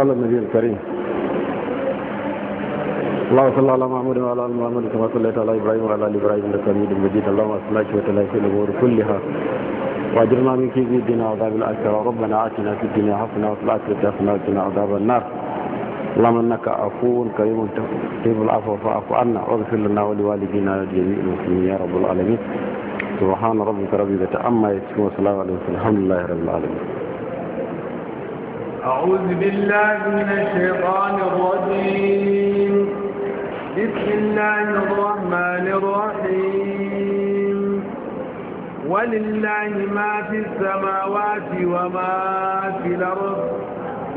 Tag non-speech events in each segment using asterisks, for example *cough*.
صلى النبي الكريم اللهم صل على محمد وعلى ال محمد كما صليت على ابراهيم وعلى ال ابراهيم انك حميد مجيد اللهم اصلح لنا في الامور كلها واجرنا منك في الدين وعذاب الاخره ربنا اتنا في الدنيا حسنه وفي الاخره حسنه وقنا عذاب النار اللهم انك عفو كريم تحب العفو فاعف عنا واغفر لنا ولوالدينا ولجميع المسلمين يا رب العالمين سبحان ربك رب العزه عما يصفون وسلام على الحمد لله رب العالمين أعوذ بالله من الشيطان الرجيم بسم الله الرحمن الرحيم ولله ما في السماوات وما في الأرض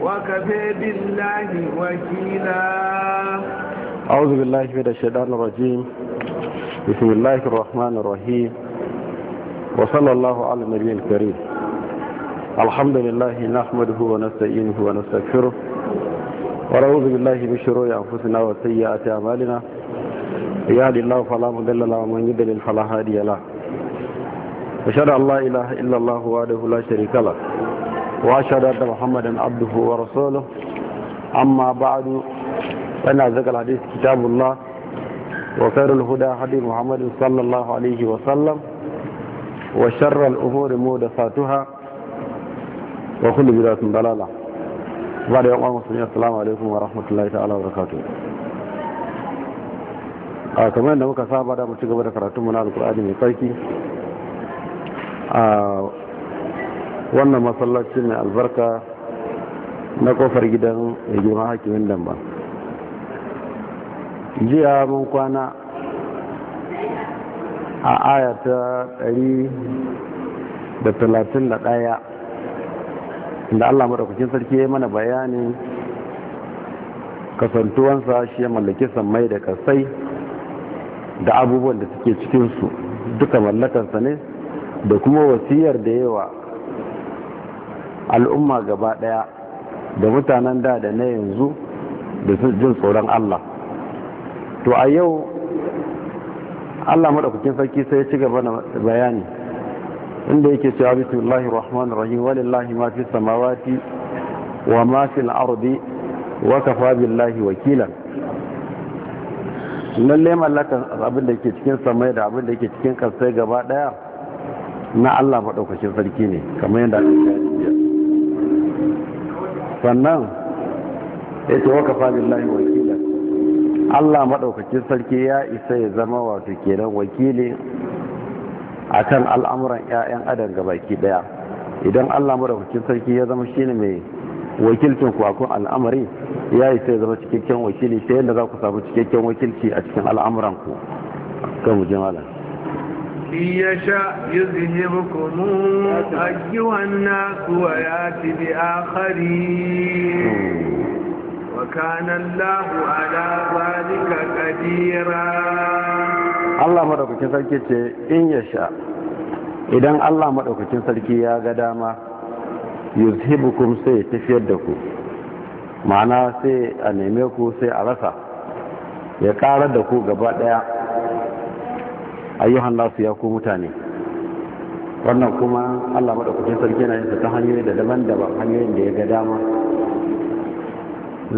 وكفى بالله وكيلا أعوذ بالله من الشيطان الرجيم بسم الله الرحمن الرحيم وصلى الله على النبي الكريم الحمد لله نحمده ونستعينه ونستغفره ونعوذ بالله من شرور انفسنا وسيئات اعمالنا يهد الله فلا مضل له ومن يضلل فلا هادي له اشهد ان لا اله الا الله وحده لا شريك له واشهد ان محمدا عبده ورسوله اما بعد فان ذكر الحديث كتاب الله وخير الهدى هدي محمد صلى الله عليه وسلم وشر الامور محدثاتها wa kullu bidatun dalala ba da yawan musulmi assalamu alaikum wa rahmatullahi ta'ala wa barakatuh a kamar da muka saba da mu ci gaba da karatun mu na alkur'ani mai tsarki a wannan masallaci mai albarka na kofar gidan mai girma hakimin damba jiya mun kwana a ayata ɗaya. inda Allah madaukakin sarki ya mana bayanin kasantuwansa shi ya mallaki sammai da kasai da abubuwan da suke cikinsu duka mallakarsa ne da kuma wasiyar da yawa al'umma gaba ɗaya, da mutanen da da na yanzu da su jin tsoron Allah to a yau Allah madaukakin sarki sai ya ci gaba bayani inda yake cewa bismillahir rahmanir rahim walillahi ma fis samawati wa ma fil ardi wa kafa billahi wakilan ne mallakan abin da ke cikin samai da abin da ke cikin kasai gaba daya na Allah maɗaukacin sarki ne kamar yadda aka yi sannan ya ce waka fa billahi wakilan Allah maɗaukacin sarki ya isa ya zama wato kenan wakili a kan al'amuran 'ya'yan adam gabaki daya idan Allah madaukakin sarki ya zama shi ne mai wakilcin ku al'amari ya yi sai zama cikakken wakili sai yadda za ku samu cikakken wakilci a cikin al'amuran ku kan mu jama'a يشاء يذهبكم أيها الناس a kadira. Allah maɗaukakin sarki ce in ya sha idan Allah maɗaukakin sarki ya ga dama yuzhibukum sai tafiyar da ku ma'ana sai a neme ku sai a rasa ya ƙarar da ku gaba ɗaya ayyuhan nasu ya ku mutane wannan kuma allah maɗaukakin sarki na yinsa ta hanyoyi da daban-daban hanyoyin da ya ga dama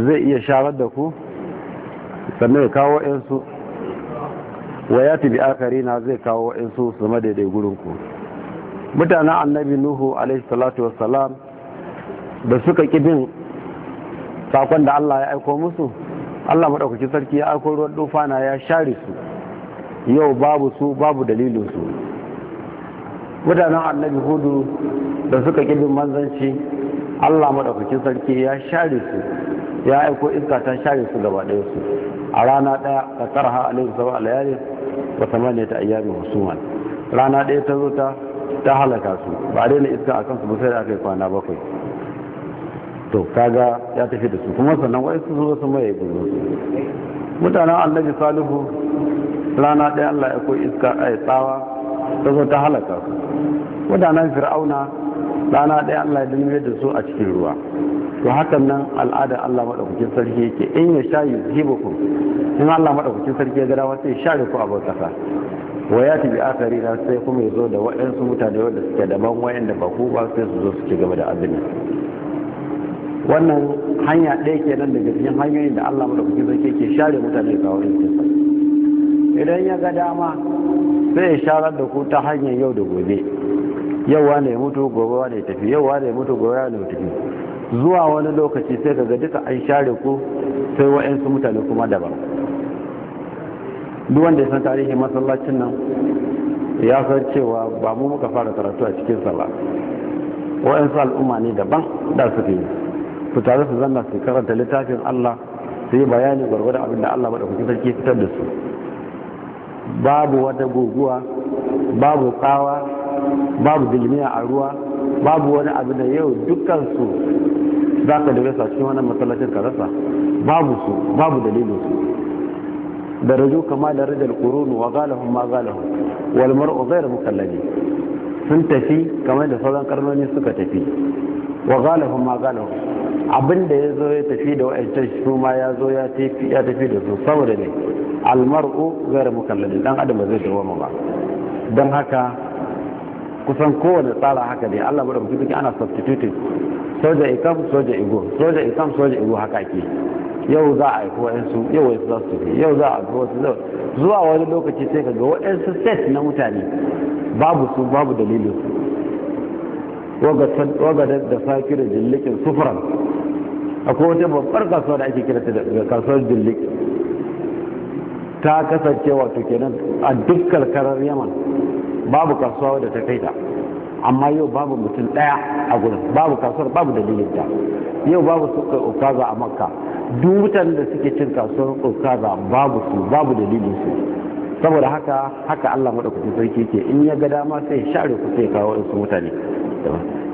zai iya sharar da ku sannan ya kawo 'yansu wa ya tabi akari na zai kawo in su madaidai gurinku mutanen annabi nuhu alaihi salatu wassalam da suka kibin sakon da allah ya aiko musu allah maɗaukaki sarki ya aiko ruwan dufana ya share su yau babu su babu dalilin su mutanen annabi hudu da suka kibin manzanci allah maɗaukaki sarki ya share su ya aiko iska ta share su gaba ɗaya su a rana ɗaya ka tsarha alaihi sawa alayali wa ba ta ayyami husuman rana ɗaya ta zo ta ta halaka su ba a daina iska a kansu ba sai da aka yi kwana bakwai to kaga ya tafi da su kuma sannan wai su zo su maye gudu mutanen annabi salihu rana ɗaya allah ya koyi iska a yi tsawa ta zo ta halaka su mutanen fir'auna rana ɗaya allah ya dalmiyar da su a cikin ruwa to hakan nan al'adar Allah maɗaukacin sarki yake in ya sha yuzibukum in Allah maɗaukacin sarki ya gada wata ya share ku a kasa wa ya tafi akari na sai kuma ya zo da waɗansu mutane wanda suke da ban wayan ba ku ba sai su zo su game gaba da azumi wannan hanya ɗaya ke nan daga cikin hanyoyin da Allah maɗaukacin sarki yake share mutane ga wurin idan ya ga dama sai ya sharar da ku ta hanyar yau da gobe yau wane mutu gobe wane ya tafi yau wane mutu gobe wane ya tafi zuwa wani lokaci sai daga duka an share ku sai wa'yansu mutane kuma daban duk wanda ya san tarihin masallacin nan ya san cewa ba mu muka fara karatu a cikin sallah wa'yansu al'umma ne daban da suke yi su tare su zanna su karanta littafin allah su yi bayani gwargwadon abin da allah maɗaukaki sarki fitar da su babu wata guguwa babu tsawa babu dilmiya a ruwa babu wani abu na yau dukansu za ka dame sa cikin wannan masallacin ka rasa babu su babu dalilin su daraju kama da rajal qurun wa galahun ma galahun wal mar'u ghayr mukallabi sun tafi kamar da sauran karnoni suka tafi wa galahun ma galahun abin da ya zo ya tafi da wa'ancan shi ma ya zo ya tafi ya tafi da su saboda ne almar'u ghayr mukallalin dan adam zai zai ma ba dan haka kusan kowane tsara haka ne Allah bada mutum ana substituting soja ikam soja igo soja ikam soja igo haka ke yau za a aiko wa'yansu yau wai za su tafi yau za a aiko wasu zau zuwa wani lokaci sai ka ga waɗansu set na mutane babu su babu dalilin su waga da safi da jillikin sufuran akwai wata babbar kasuwa da ake kira da kasuwar jillik ta kasance wato kenan a duk karkarar yaman babu kasuwa da ta kai ta amma yau babu mutum daya a gurin babu kasuwar babu dalilin da yau babu sukar okaza a makka duk mutanen da suke cin kasuwar okaza babu su babu dalilin su saboda haka haka Allah madaukakin sarki yake in ya ga dama sai share ku sai kawo su mutane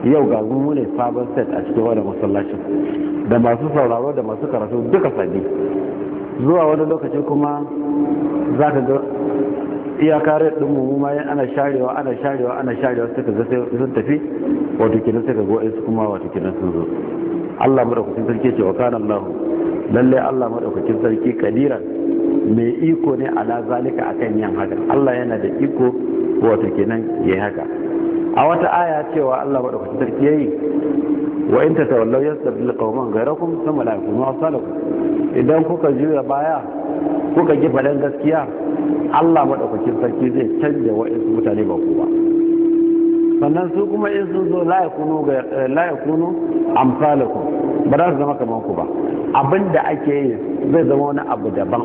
yau ga mu ne sabon set a cikin wannan masallacin da masu sauraro da masu karatu duka sabi zuwa wani lokaci kuma za ka ga iyaka rai ɗin mu ma ana sharewa ana sharewa ana sharewa suka zai sun tafi wato kinan suka ga su kuma wato kinan sun zo Allah madaukakin sarki ce wa kana Allah lalle Allah madaukakin sarki kadira mai iko ne ala zalika akan yin haka Allah yana da iko wato kenan yayi haka a wata aya cewa Allah madaukakin sarki yayi wa in ta tawallaw yastabdil qauman ghayrakum thumma la yakunu asalakum idan kuka jira baya kuka ji faɗin gaskiya Allah maɗaukakin sarki zai canja su mutane ba kuwa. sannan su kuma in sun zo la yakunu eh, amsalakum ba za su zama kamar ku ba abin da ake yi zai zama wani abu daban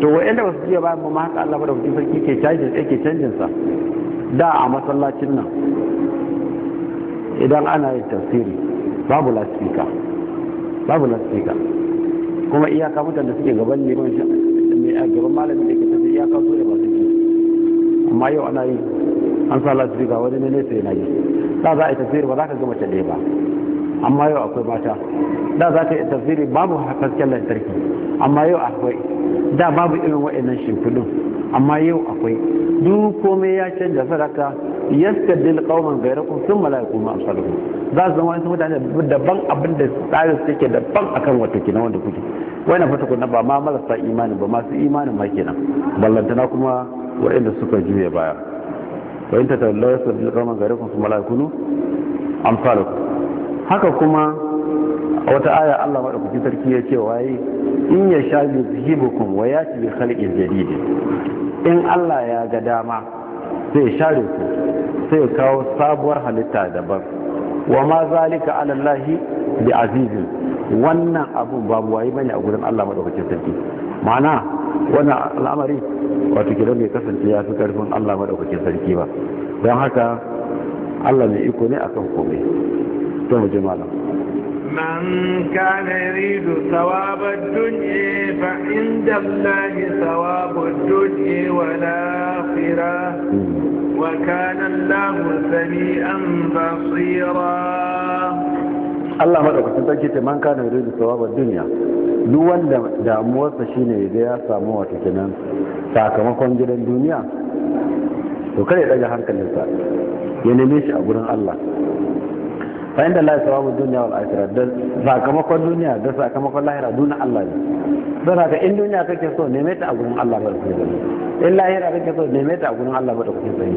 to wa inda ba su ji ba ma haka Allah maɗaukakin sarki ke canjin yake canjin sa da a masallacin nan idan ana yin tafsiri babu lasfika babu lasfika kuma iyaka mutan da suke gaban liman mai a gaban malamin da ke tafi iyaka su da masu ji amma yau ana yi an sa lasu ga wani ne sai na yi da za a yi tafsiri ba za ka gama tale ba amma yau akwai mata da za ta yi tafsiri babu hasken lantarki amma yau akwai da babu irin waɗannan shimfiɗin amma yau akwai duk komai ya canja sadaka yastadil qauman ghayrakum thumma la yakunu amsalukum za su zama sun mutane daban abin da tsarin su yake daban akan wata kina wanda kuke wannan fata kunna ba ma marasa imani ba masu imanin ma kenan ballantana kuma waɗanda suka juya baya wa in tatawallaw yastadil qauman ghayrakum thumma la yakunu amsalukum haka kuma a wata aya Allah madaukakin sarki ya ce waye in ya sha yuzibukum wa yati bi khalqin jadid in Allah ya ga dama sai share ku sai kawo sabuwar halitta daban wa ma zalika ala Allah bi azizin wannan abu babu wayi bane a gurin Allah madaukakin sarki mana wannan al'amari wato kidan bai kasance ya fi karfin Allah madaukakin sarki ba don haka Allah mai iko ne akan komai to mu ji malam من كان يريد ثواب الدنيا فعند الله ثواب الدنيا والآخرة وكان الله سميعا بصيرا Allah madaukakin sarki ce man kana yare da sawabar duniya duk wanda damuwarsa shine da ya samu wata kenan sakamakon gidan duniya to kare daga hankalinsa ya neme shi a gurin Allah fa inda Allah sawabu dunya wal akhirah da sakamakon duniya da sakamakon lahira duna Allah ne don haka in duniya kake so neme ta a gurin Allah ba da kuke in lahira kake so neme ta a gurin Allah ba da kuke sani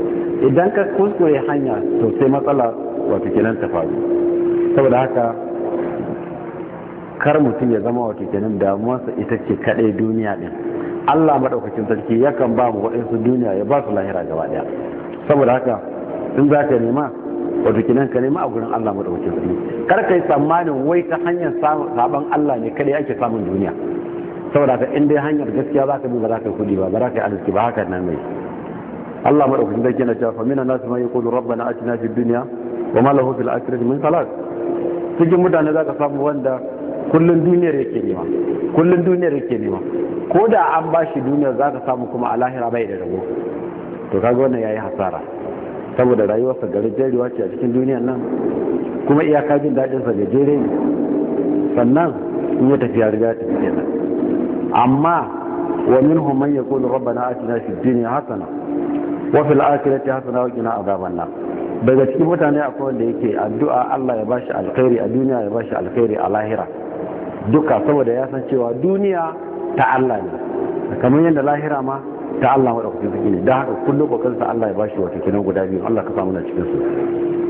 idan ka kuskure hanya to sai matsala wato kenan ta faru saboda haka kar mutum ya zama wato kenan damuwarsa ita ce kadai duniya din Allah madaukakin sarki yakan ba mu waɗansu duniya ya ba su lahira gaba daya saboda haka in za ka nema wato kinan ka nema a gurin Allah madaukakin sarki kar kai tsammanin wai ta hanyar saban Allah ne kada yake samun duniya saboda ka in dai hanyar gaskiya za ka bi ba za ka kudi ba ba za ka yi arziki ba haka nan ne Allah madaukakin sarki na cewa fa minan nasu man yaqulu rabbana atina fid dunya wa ma lahu fil akhirati min khalaq cikin mutane za ka samu wanda kullun duniyar yake nema kullun duniyar yake nema ko da an bashi duniyar za ka samu kuma a lahira bai da rabo to kaga wannan yayi hasara saboda rayuwarsa garajerewa ce a cikin duniyar nan kuma iyaka jin daɗinsa jere ne sannan in ya tafiya riga ta fi nan amma wa min man ya kulu rabbana atina fi dunya hasana wa fil akhirati hasana wa qina azaban nar daga cikin mutane akwai wanda yake addu'a Allah ya bashi alkhairi a duniya ya bashi alkhairi a lahira duka saboda ya san cewa duniya ta Allah ne kamar yadda lahira ma ta Allah madaukakin sarki ne da haka kullum kokarin sa Allah ya bashi wata kenan guda biyu Allah ka samu na cikin su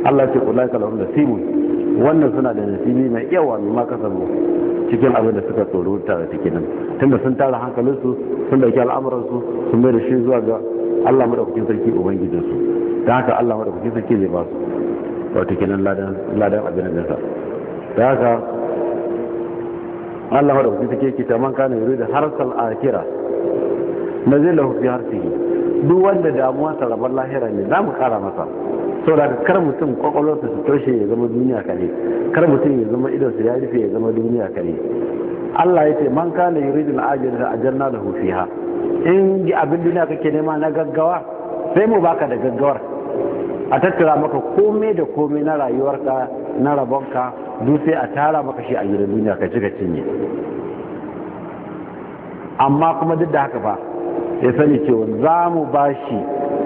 Allah ce kullai ka da simu wannan suna da nasibi mai yawa mai ma kasabu cikin abin da suka tsoro tare nan, kenan tunda sun tara hankalinsu sun dauki al'amuransu sun mai da shi zuwa ga Allah madaukakin sarki ubangijinsu da haka Allah madaukakin sarki zai ba su wata kenan ladan ladan abin da sa da haka Allah madaukakin sarki ke ta man kana yuri da harsal akira na zai lahu harfihi duk wanda damuwa ta rabar lahira ne za mu kara masa sau da kar mutum kwakwalwarsa su toshe ya zama duniya kare kar mutum ya zama idonsa ya rufe ya zama duniya kare Allah ya ce man kana yuridul ajrata na lahu ha in ji abin duniya kake nema na gaggawa sai mu baka da gaggawar a tattara maka komai da komai na rayuwarka na rabonka duk sai a tara maka shi a gidan duniya ka ci ka cinye amma kuma duk da haka ba. ya sani cewa za mu ba shi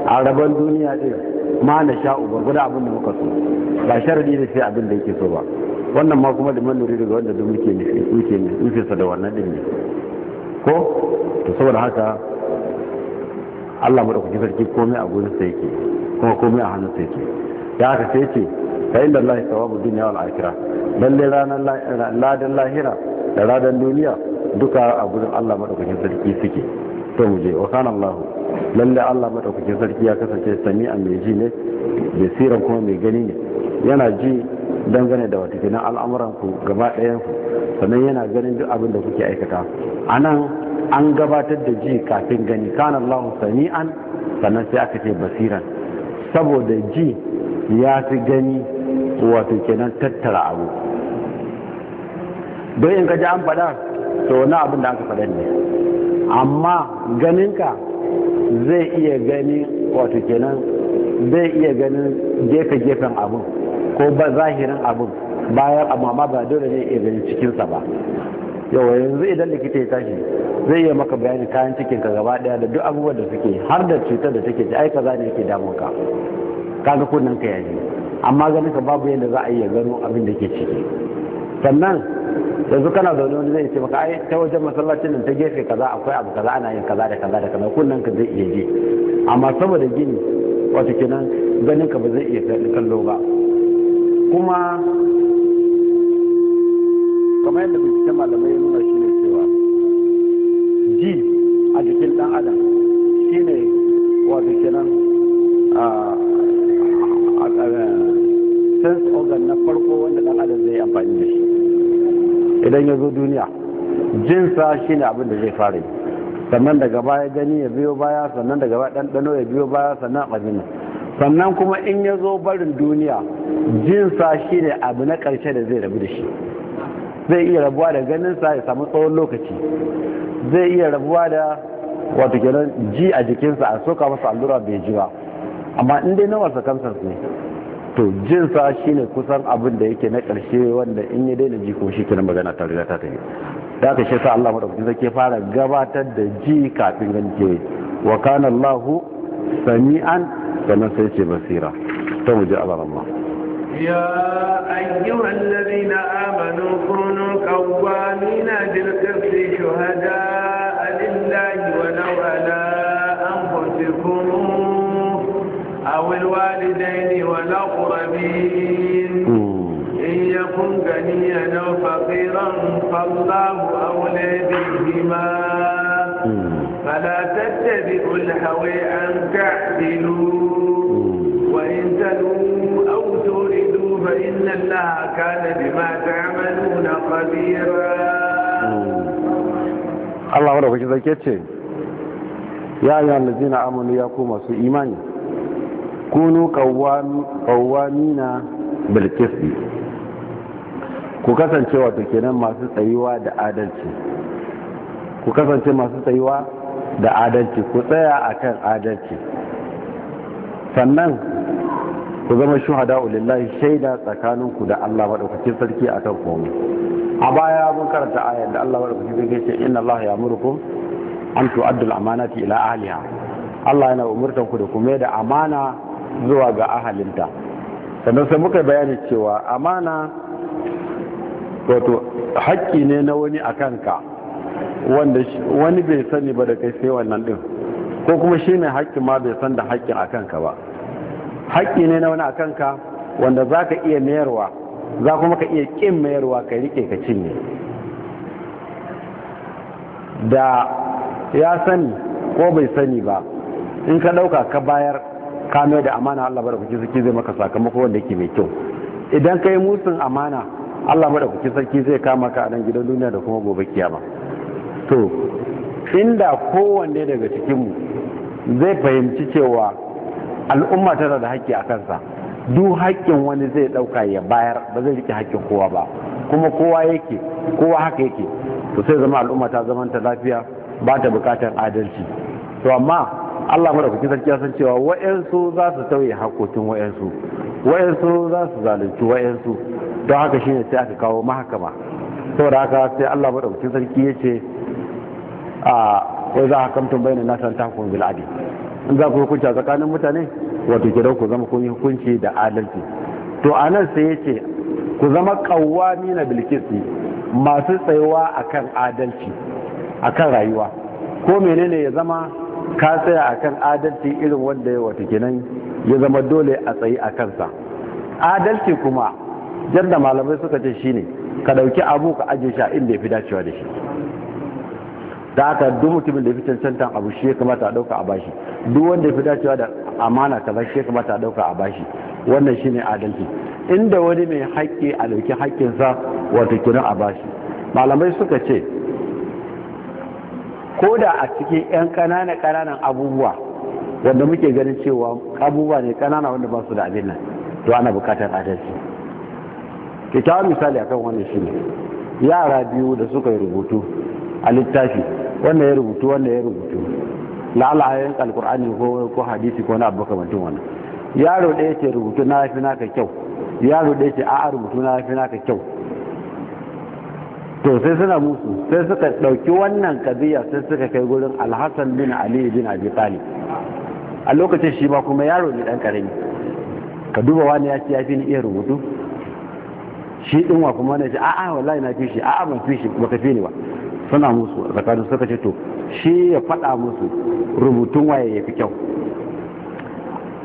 a rabon duniya ɗin ma na sha uba guda abin da muka so ba sharadi da sai abin da yake so ba wannan ma kuma da man nuri daga wanda duk muke nufi muke nufi sa da wannan din ne ko to saboda haka Allah mu dauki sarki komai a gurin sa yake kuma komai a hannun sa yake ya haka sai ce fa inda Allah thawabu dunya wal akhirah lalle ranar ladan lahira da ranar duniya duka a gurin Allah madaukakin sarki suke to mu je wa kana Allah lalle Allah madaukakin sarki ya kasance sami'a mai ji ne basiran kuma mai gani ne yana ji dangane da wata kenan al'amuran ku gaba ɗayan ku sannan yana ganin duk abin da kuke aikata anan an gabatar da ji kafin gani kana Allah sami'an sannan sai aka ce basiran saboda ji ya fi gani wato kenan tattara abu don in ka ji an faɗa to wani abin da aka faɗa ne amma ganinka zai iya gani wato kenan zai iya ganin gefe-gefen abin ko ba zahirin abin bayan amma ba dole ne iya ganin cikinsa ba yawa yanzu idan likita ya tashi zai iya maka bayani kayan cikin ka gaba daya da duk abubuwan da suke har da cutar da take ji ai kaza ne yake damun ka kaga kunnen ka yaji amma ganin ka babu yadda za a iya gano abin da ke ciki sannan yanzu kana zaune wani zai ce maka ai ta wajen masallacin nan ta gefe kaza akwai abu kaza ana yin kaza da kaza da kaza kunnan ka zai iya je amma saboda gini wato kenan ganin ka ba zai iya kallo ba kuma kamar yadda bincike malamai idan ya zo duniya jinsa shi ne abin da zai fara yi sannan daga baya gani ya biyo baya sannan daga baya ɗanɗano ya biyo baya sannan abin sannan kuma in ya zo barin duniya jinsa shi ne abu na ƙarshe da zai rabu da shi zai iya rabuwa da ganinsa ya samu tsawon lokaci zai iya rabuwa da wato kenan ji a jikinsa a soka masa allura bai ji ba amma in dai nawarsa kamsar ne to jin sa shine kusan abin da yake na ƙarshe wanda in ya daina ji kuma shi kenan magana ta riga ta tafi da ta shi sa Allah madaukakin sarki fara gabatar da ji kafin ganke wa kana Allahu sami'an sannan sai ce basira to mu ji Allah ya أيها الذين amanu kunu قوامين بالقسط غنيا فقيرا فالله أولى بهما فلا تتبعوا أن تعدلوا وإن أو تردوا فإن الله كان بما تعملون خبيرا Allah wadda kuke zake ce, Ya yi na amonu ya ku masu imani, kunu na bilkisbi ku kasance wato kenan masu tsayuwa da adalci ku kasance masu tsayuwa da adalci ku tsaya akan adalci sannan ku zama shuhada ulillahi shaida tsakaninku da Allah madaukakin sarki akan komai a baya mun karanta ayar da Allah madaukakin sarki ce inna Allah murku?" an tu'addu al-amanati ila ahliha Allah yana umurtan ku da kuma da amana zuwa ga ahalinta sannan sai muka bayani cewa amana wato haƙƙi ne na wani a kanka wani bai sani ba da kai sai wannan ɗin ko kuma shi mai haƙƙi ma bai san da haƙƙin a kanka ba haƙƙi ne na wani a kanka wanda za ka iya mayarwa za kuma ka iya ƙin mayarwa ka riƙe ka cinye da ya sani ko bai sani ba in ka ɗauka ka bayar ka da amana Allah kuke suke zai maka sakamako wanda yake mai kyau idan ka yi musun amana Allah madaukakin sarki zai kama ka a nan gidan duniya da kuma gobe kiyama to inda kowanne daga cikinmu zai fahimci cewa al'umma tana da haƙƙi a kansa duk haƙƙin wani zai ɗauka ya bayar ba zai rike haƙƙin kowa ba kuma kowa yake kowa haka yake to sai zama al'umma ta zamanta lafiya ba ta buƙatar adalci to amma Allah mara kuki sarki san cewa wa'yansu za su tauye hakokin wa'yansu wa'yansu za su zalunci wa'yansu don haka shine sai aka kawo mahakama saboda haka sai Allah madaukakin sarki ya ce a wai za a kamtun bayanin nasan ta hukumin bil'adi in za ku a tsakanin mutane wato kidan ku zama kun yi hukunci da adalci to a nan sai ya ce ku zama kawuwa nina bilkisi masu tsayuwa akan adalci akan rayuwa ko menene ya zama ka tsaya akan adalci irin wanda ya wato kenan ya zama dole a tsayi a kansa adalci kuma yadda malamai suka ce shine ka dauki abu ka aje shi a inda ya fi dacewa da shi da aka duk mutumin da ya fi cancantan abu shi ya kamata a dauka a bashi duk wanda ya fi dacewa da amana ta bashi ya kamata a dauka a bashi wannan shine adalci inda wani mai haƙƙi a dauki haƙƙinsa wato kiran a bashi malamai suka ce ko da a cikin 'yan ƙananan ƙananan abubuwa wanda muke ganin cewa abubuwa ne ƙanana wanda ba su da abin nan to ana bukatar adalci ita eh, misali akan wani shi ne yara biyu da suka yi rubutu a littafi wanda ya rubutu wanda ya rubutu la'alayen alkur'ani ko ko hadisi ko na abu kamantin wannan yaro ɗaya ce rubutu na fi naka kyau yaro ɗaya ce a'a rubutu na fi naka kyau to sai suna musu sai suka ɗauki wannan kabiya sai suka kai gurin alhassan bin ali bin abi talib a lokacin shi ma kuma yaro ne dan karami ka duba wani ya ce ya fi ni iya rubutu shi din wa kuma ne ce a'a wallahi na fi a'a ban fi ba baka ni ba suna musu tsakanin suka ce to shi ya faɗa musu rubutun waye ya fi kyau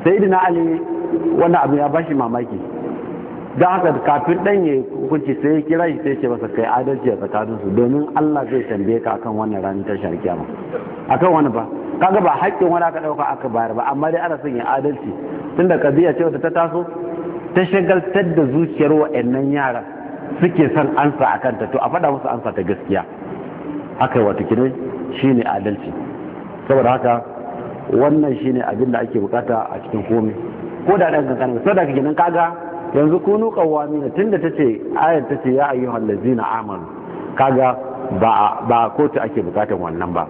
sai dina ali wannan abu ya bashi mamaki don haka kafin ɗan ya hukunci sai ya kira shi sai ce masa kai adalci a tsakanin su domin allah zai tambaye ka akan wannan ranar tashar kiyama akan wani ba kaga ba haƙƙin wani aka ɗauka aka bayar ba amma dai ana son ya adalci tunda kadiya ce wata ta taso ta shagaltar da zuciyar wa'annan yaran suke son ansa a kanta to a faɗa musu ansa ta gaskiya haka wata kinai ne adalci saboda haka wannan shi ne abin da ake bukata a cikin komai ko da ɗan kankanin saboda da nan kaga yanzu kunu na tunda ce ayar ce ya hallazi na amanu kaga ba a kotu ake bukatar wannan ba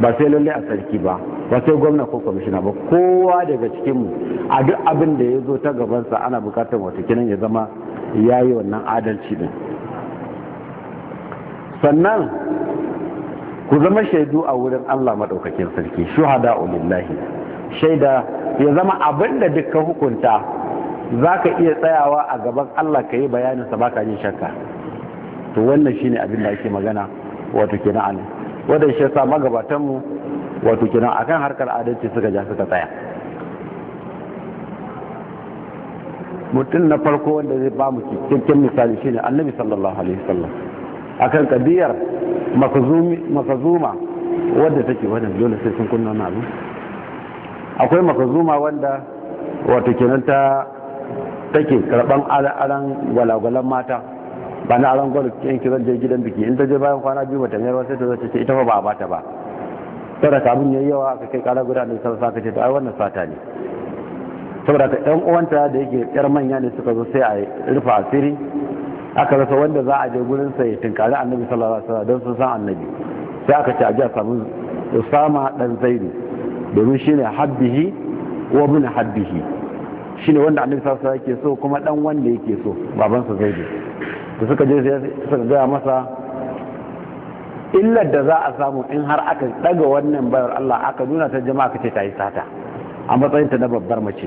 ba sai lalle a sarki ba ba sai gwamna ko kwamishina ba kowa daga cikinmu a duk abin da ya zo ta gabansa ana bukatar watakilan ya zama ya yi wannan adalci din sannan ku zama shaidu a wurin allah maɗaukakin sarki shuhada ulillahi shaida ya zama abin da dukkan hukunta za ka iya tsayawa a gaban allah ka yi bayanin ba ka yin shakka to wannan shine abin da ake magana wato kenan wadda shi sa magabatanmu wato kenan akan harkar adalci suka ja suka tsaya mutum na farko wanda zai ba mu cikakken misali shine annabi sallallahu alaihi wasallam akan kadiyar makazuma wanda take wannan dole sai sun kunna na abu akwai makazuma wanda wato kenan ta take karban alan walagalan mata ba na alan gwalagwalan kiran je gidan biki in ta je bayan kwana biyu mata ne sai ta zo ita fa ba a bata ba saboda ka abin yayi yawa aka kai kara guda da sallallahu ka ce ai wannan sata ne saboda ka ɗan uwanta da yake yar manya ne suka zo sai a rufa asiri aka rasa wanda za a je gurin sai tinkari annabi sallallahu alaihi wasallam don sun san annabi sai aka ce a ji a samu usama dan zaidu domin shine habbihi wa bin habbihi shine wanda annabi sallallahu alaihi wasallam yake so kuma dan wanda yake so babansa zaidu da suka je sai suka gaya masa illar da za a samu in har aka daga wannan bayar Allah aka nuna ta jama'a kace ta yi sata a matsayinta na babbar mace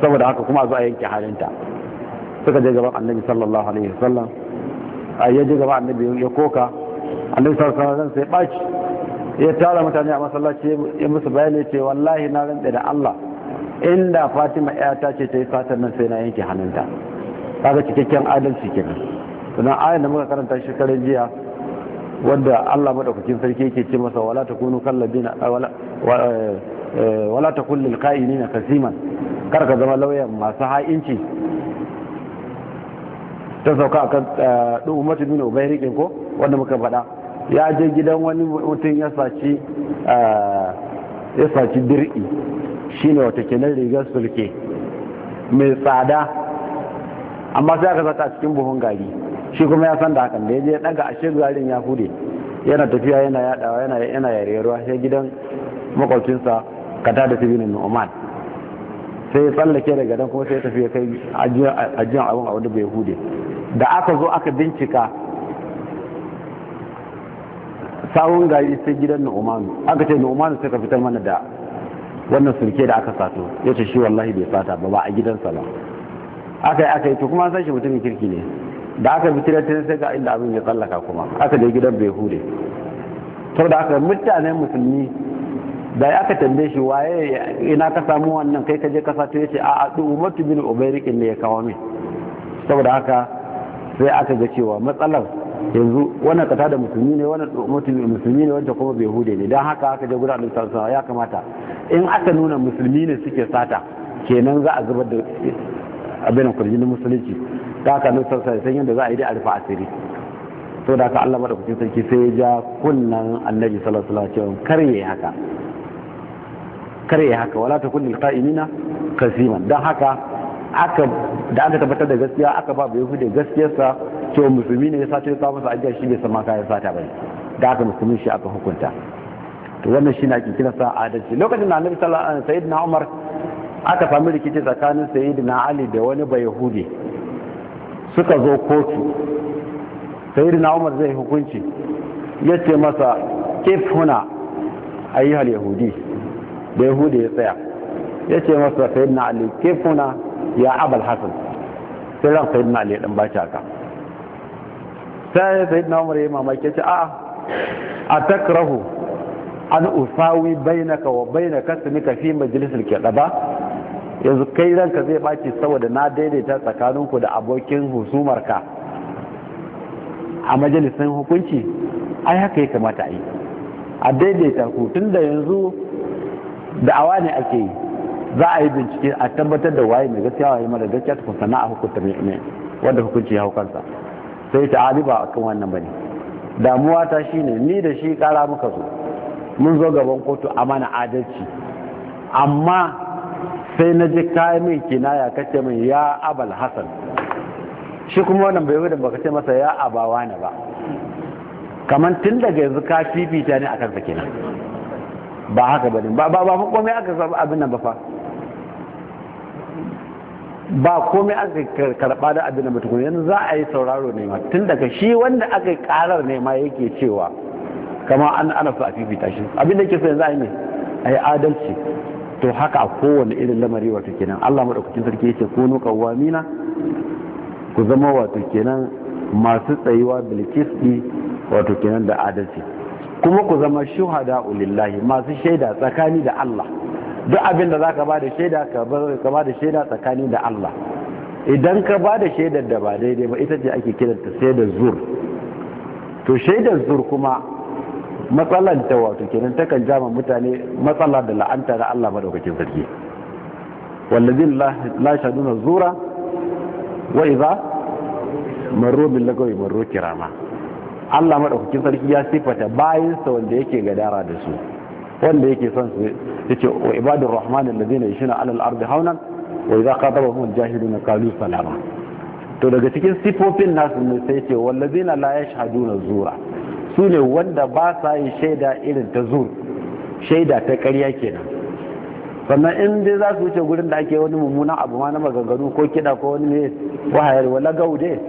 saboda haka kuma a zo a yanke halinta suka je gaban annabi sallallahu alaihi wasallam a ya je gaban annabi ya koka annabi sallallahu alaihi wasallam sai baci ya tara mutane a masallaci ya musu bayani ce wallahi na rantsa da Allah inda Fatima ta ce ta yi sata nan sai na yanke halinta kaga cikakken adalci kenan sannan ayan da muka karanta shekarun jiya wanda Allah madaukakin sarki yake ce masa wala takunu kallabina wala eh, wala takun lil qa'inina kasiman kar ka zama lauyan masu ha'inci ta sauka akan dubu eh, mata bin ubai rikin ko wanda muka faɗa ya je gidan wani mutum ya saci eh, ya saci dir'i shine wata kenan rigar sulke mai tsada amma sai aka zata cikin buhun gari shi kuma ya san da hakan da ya je daga ashe garin ya hude yana tafiya yana yadawa yana yana yarewa sai gidan makwabcinsa kata da sibinin Oman sai ya tsallake daga dan kuma sai ya tafi ya kai ajiyar abin a wanda bai hude da aka zo aka bincika sawun gari sai gidan Nu'manu aka ce Nu'manu sai ka fitar mana da wannan sulke da aka sato ya ce shi wallahi bai fata ba ba a gidansa ba aka yi aka yi to kuma san shi mutumin kirki ne da aka bi tare sai ga inda abin ya tsallaka kuma aka da gidan bai hude to da aka mutanen musulmi da ya aka tambaye shi waye ina ka samu wannan kai ka je kasa to yace a adu umatu bin ubayrik ne ya kawo min saboda haka sai aka ga cewa matsalar yanzu wannan kata da musulmi ne wannan mutum musulmi ne wanda kuma bai hude ne dan haka aka je guda da sallallahu ya kamata in aka nuna musulmi ne suke sata kenan za a zubar da abin kurjin musulunci da aka nan sarsa san yadda za a yi da alfa asiri to da haka Allah madaukakin sarki sai ya ja kunnan annabi sallallahu alaihi wasallam kar haka karye haka wala takun lil qa'imina kasiman dan haka aka da aka tabbatar da gaskiya aka ba bai da gaskiyarsa to musulmi ne ya sace ta masa ajiyar shi ne sama ma kayan sata bane da aka musulmi shi aka hukunta to wannan shi na ake kira sa adalci lokacin da annabi sallallahu alaihi wasallam sayyidina Umar aka fami rikici tsakanin sayyidina Ali da wani bayahudi suka zo kotu sayyidina umar zai hukunci ya ce masa kif huna ayyuhal yahudi da yahudi ya tsaya ya ce masa sayyidina ali kif huna ya abal hasan sai ran sayyidina ali dan baci haka sai sayyidina umar ya mamaki ya a a'a takrahu an usawi bainaka wa bainaka sunika fi majalisar kedaba yanzu kai ranka zai baki saboda na daidaita tsakaninku da abokin husumarka a majalisar hukunci ai haka ya kamata a yi a daidaita ku tun da yanzu da'awa ne ake yi za a yi bincike a tabbatar da waye mai gaskiya waye mara gaskiya ta kusa na a hukunta mai wanda hukunci ya hukansa sai ta ali ba kan wannan bane damuwa ta shine ni da shi kara muka zo mun zo gaban kotu a mana adalci amma sai na ji kayan min kinaya kace min ya abal hasan shi kuma wannan bai wuce baka ce masa ya abawa ne ba kamar tun daga yanzu ka fifita ne a kansa kenan ba haka ba ba ba ba komai aka samu abin nan ba fa ba komai aka karba da abin nan ba tukuna yanzu za a yi sauraro ne ma tun daga shi wanda aka karar ne ma yake cewa kamar an ana so a fifita shi abin da ke so yanzu a yi ne a yi adalci to haka a kowane irin lamari wato kenan Allah madaukakin sarki yace kunu qawamina ku zama wato kenan masu tsayuwa bil qisti wato kenan da adalci kuma ku zama shuhada ulillahi masu shaida tsakani da Allah duk abin da zaka ba da shaida ka ka da shaida tsakani da Allah idan ka bada shaidar da ba daidai ba ita ce ake kiranta sai da zur to shaidar zur kuma matsalan ta wato kenan ta kan jama mutane matsala da la'anta da Allah madaukakin sarki wallazin la shaduna zura wa idza marru bil lagawi marru kirama Allah madaukakin sarki ya sifata bayin sa wanda yake gadara da su wanda yake son su yace wa ibadur rahman allazina yashuna ala al ardi hawnan wa idza qatabahum al jahiluna qalu salama to daga cikin sifofin nasu ne sai yace wallazina la yashhaduna zura su ne wanda ba sa yi shaida irin ta zur shaida ta ƙarya kenan sannan in dai za su wuce gurin da ake wani mummunan abu ma na maganganu ko kiɗa ko wani ne wahayar wala gaude